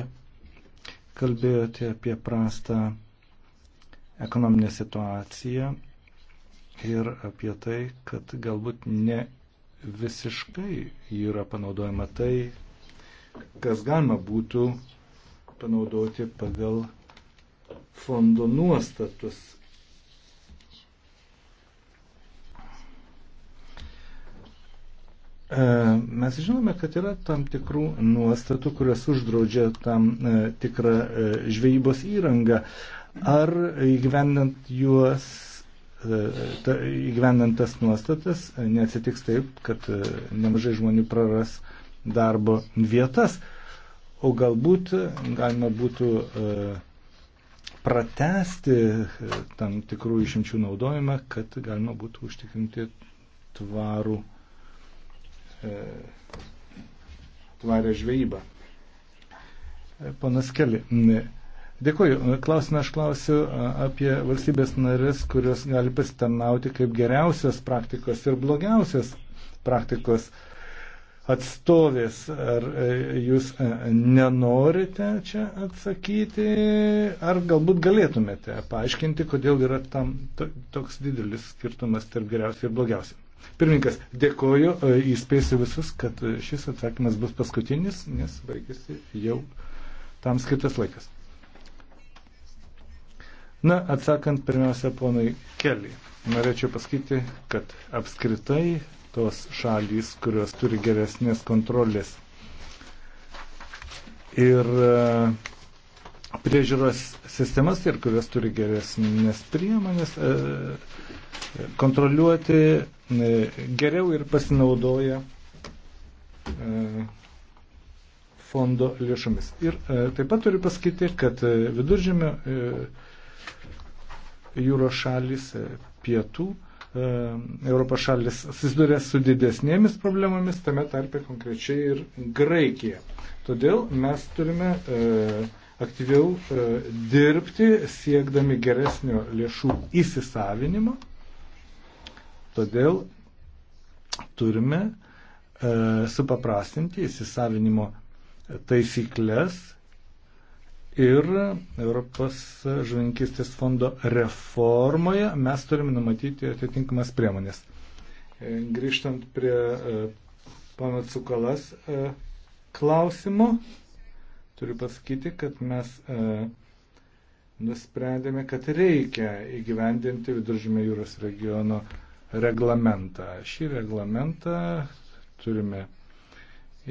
kalbėjote apie prastą ekonominę situaciją ir apie tai, kad galbūt ne visiškai yra panaudojama tai, kas galima būtų panaudoti pagal fondo nuostatus E, mes žinome, kad yra tam tikrų nuostatų, kurios uždraudžia tam e, tikrą e, žvejybos įrangą. Ar įgyvendant juos, ta, įgyvendant tas nuostatas, neatsitiks taip, kad nemažai žmonių praras darbo vietas, o galbūt galima būtų pratesti tam tikrų išimčių naudojimą, kad galima būtų užtikrinti tvarų E, tvarę žvejybą. E, Panas Keli. Dėkuoju. E, klausimą aš klausiu apie valstybės narės, kurios gali pasitarnauti kaip geriausios praktikos ir blogiausios praktikos atstovės. Ar jūs nenorite čia atsakyti, ar galbūt galėtumėte paaiškinti, kodėl yra tam toks didelis skirtumas tarp geriausių ir blogiausių? Pirmininkas, dėkoju, e, įspėsiu visus, kad e, šis atsakymas bus paskutinis, nes baigėsi jau tam skirtas laikas. Na, atsakant pirmiausia, ponai Keli, norėčiau pasakyti, kad apskritai tos šalys, kurios turi geresnės kontrolės ir uh, priežiūros sistemas ir kurios turi geresnės priemonės e, kontroliuoti e, geriau ir pasinaudoja e, fondo lėšomis. Ir taip pat turiu pasakyti, kad viduržėmio jūros šalis pietų Europos šalis susiduria su didesnėmis problemomis, tame tarpe konkrečiai ir Graikija. Todėl mes turime e, aktyviau e, dirbti, siekdami geresnio lėšų įsisavinimo. Todėl turime e, supaprastinti įsisavinimo taisyklės ir Europos žuvininkistės fondo reformoje mes turime numatyti atitinkamas priemonės. E, grįžtant prie pana Cukalas klausimo, Turiu pasakyti, kad mes e, nusprendėme, kad reikia įgyvendinti Viduržymė jūros regiono reglamentą. Šį reglamentą turime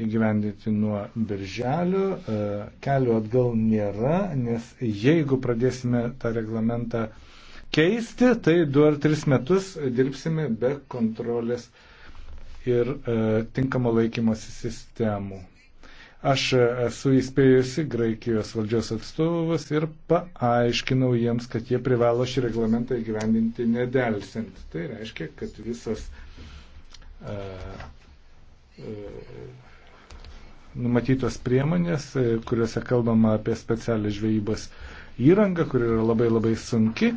įgyvendinti nuo birželio. E, Kelių atgal nėra, nes jeigu pradėsime tą reglamentą keisti, tai du ar tris metus dirbsime be kontrolės ir e, tinkamo laikymosi sistemų. Aš esu įspėjusi Graikijos valdžios atstovus ir paaiškinau jiems, kad jie privalo šį reglamentą įgyvendinti nedelsint. Tai reiškia, kad visas uh, uh, numatytos priemonės, e, kuriuose kalbama apie specialią žvejybos įrangą, kuri yra labai labai sunki,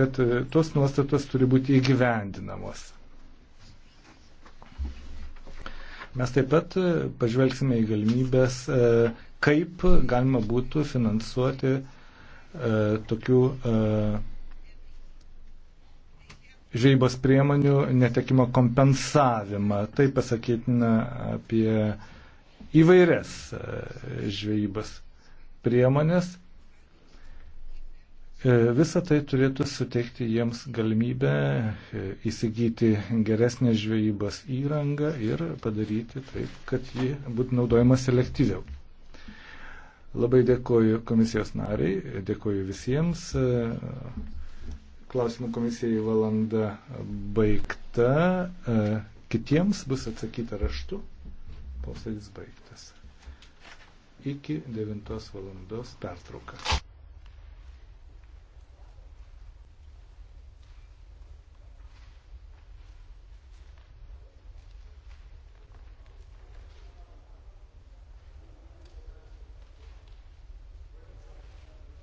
kad tos nuostatos turi būti įgyvendinamos. Mes taip pat e, pažvelgsime į galimybės, e, kaip galima būtų finansuoti e, tokių žvejybos priemonių netekimo kompensavimą. Tai pasakytina apie įvairias žvejybos priemonės. E, Visą tai turėtų suteikti jiems galimybę e, įsigyti geresnę žvejybos įrangą ir padaryti taip, kad ji būtų naudojama selektyviau. Labai dėkoju komisijos nariai, dėkoju visiems. E, klausimų komisijai valanda baigta. Kitiems bus atsakyta raštu. Posėdis baigtas. Iki 9 valandos pertrauka.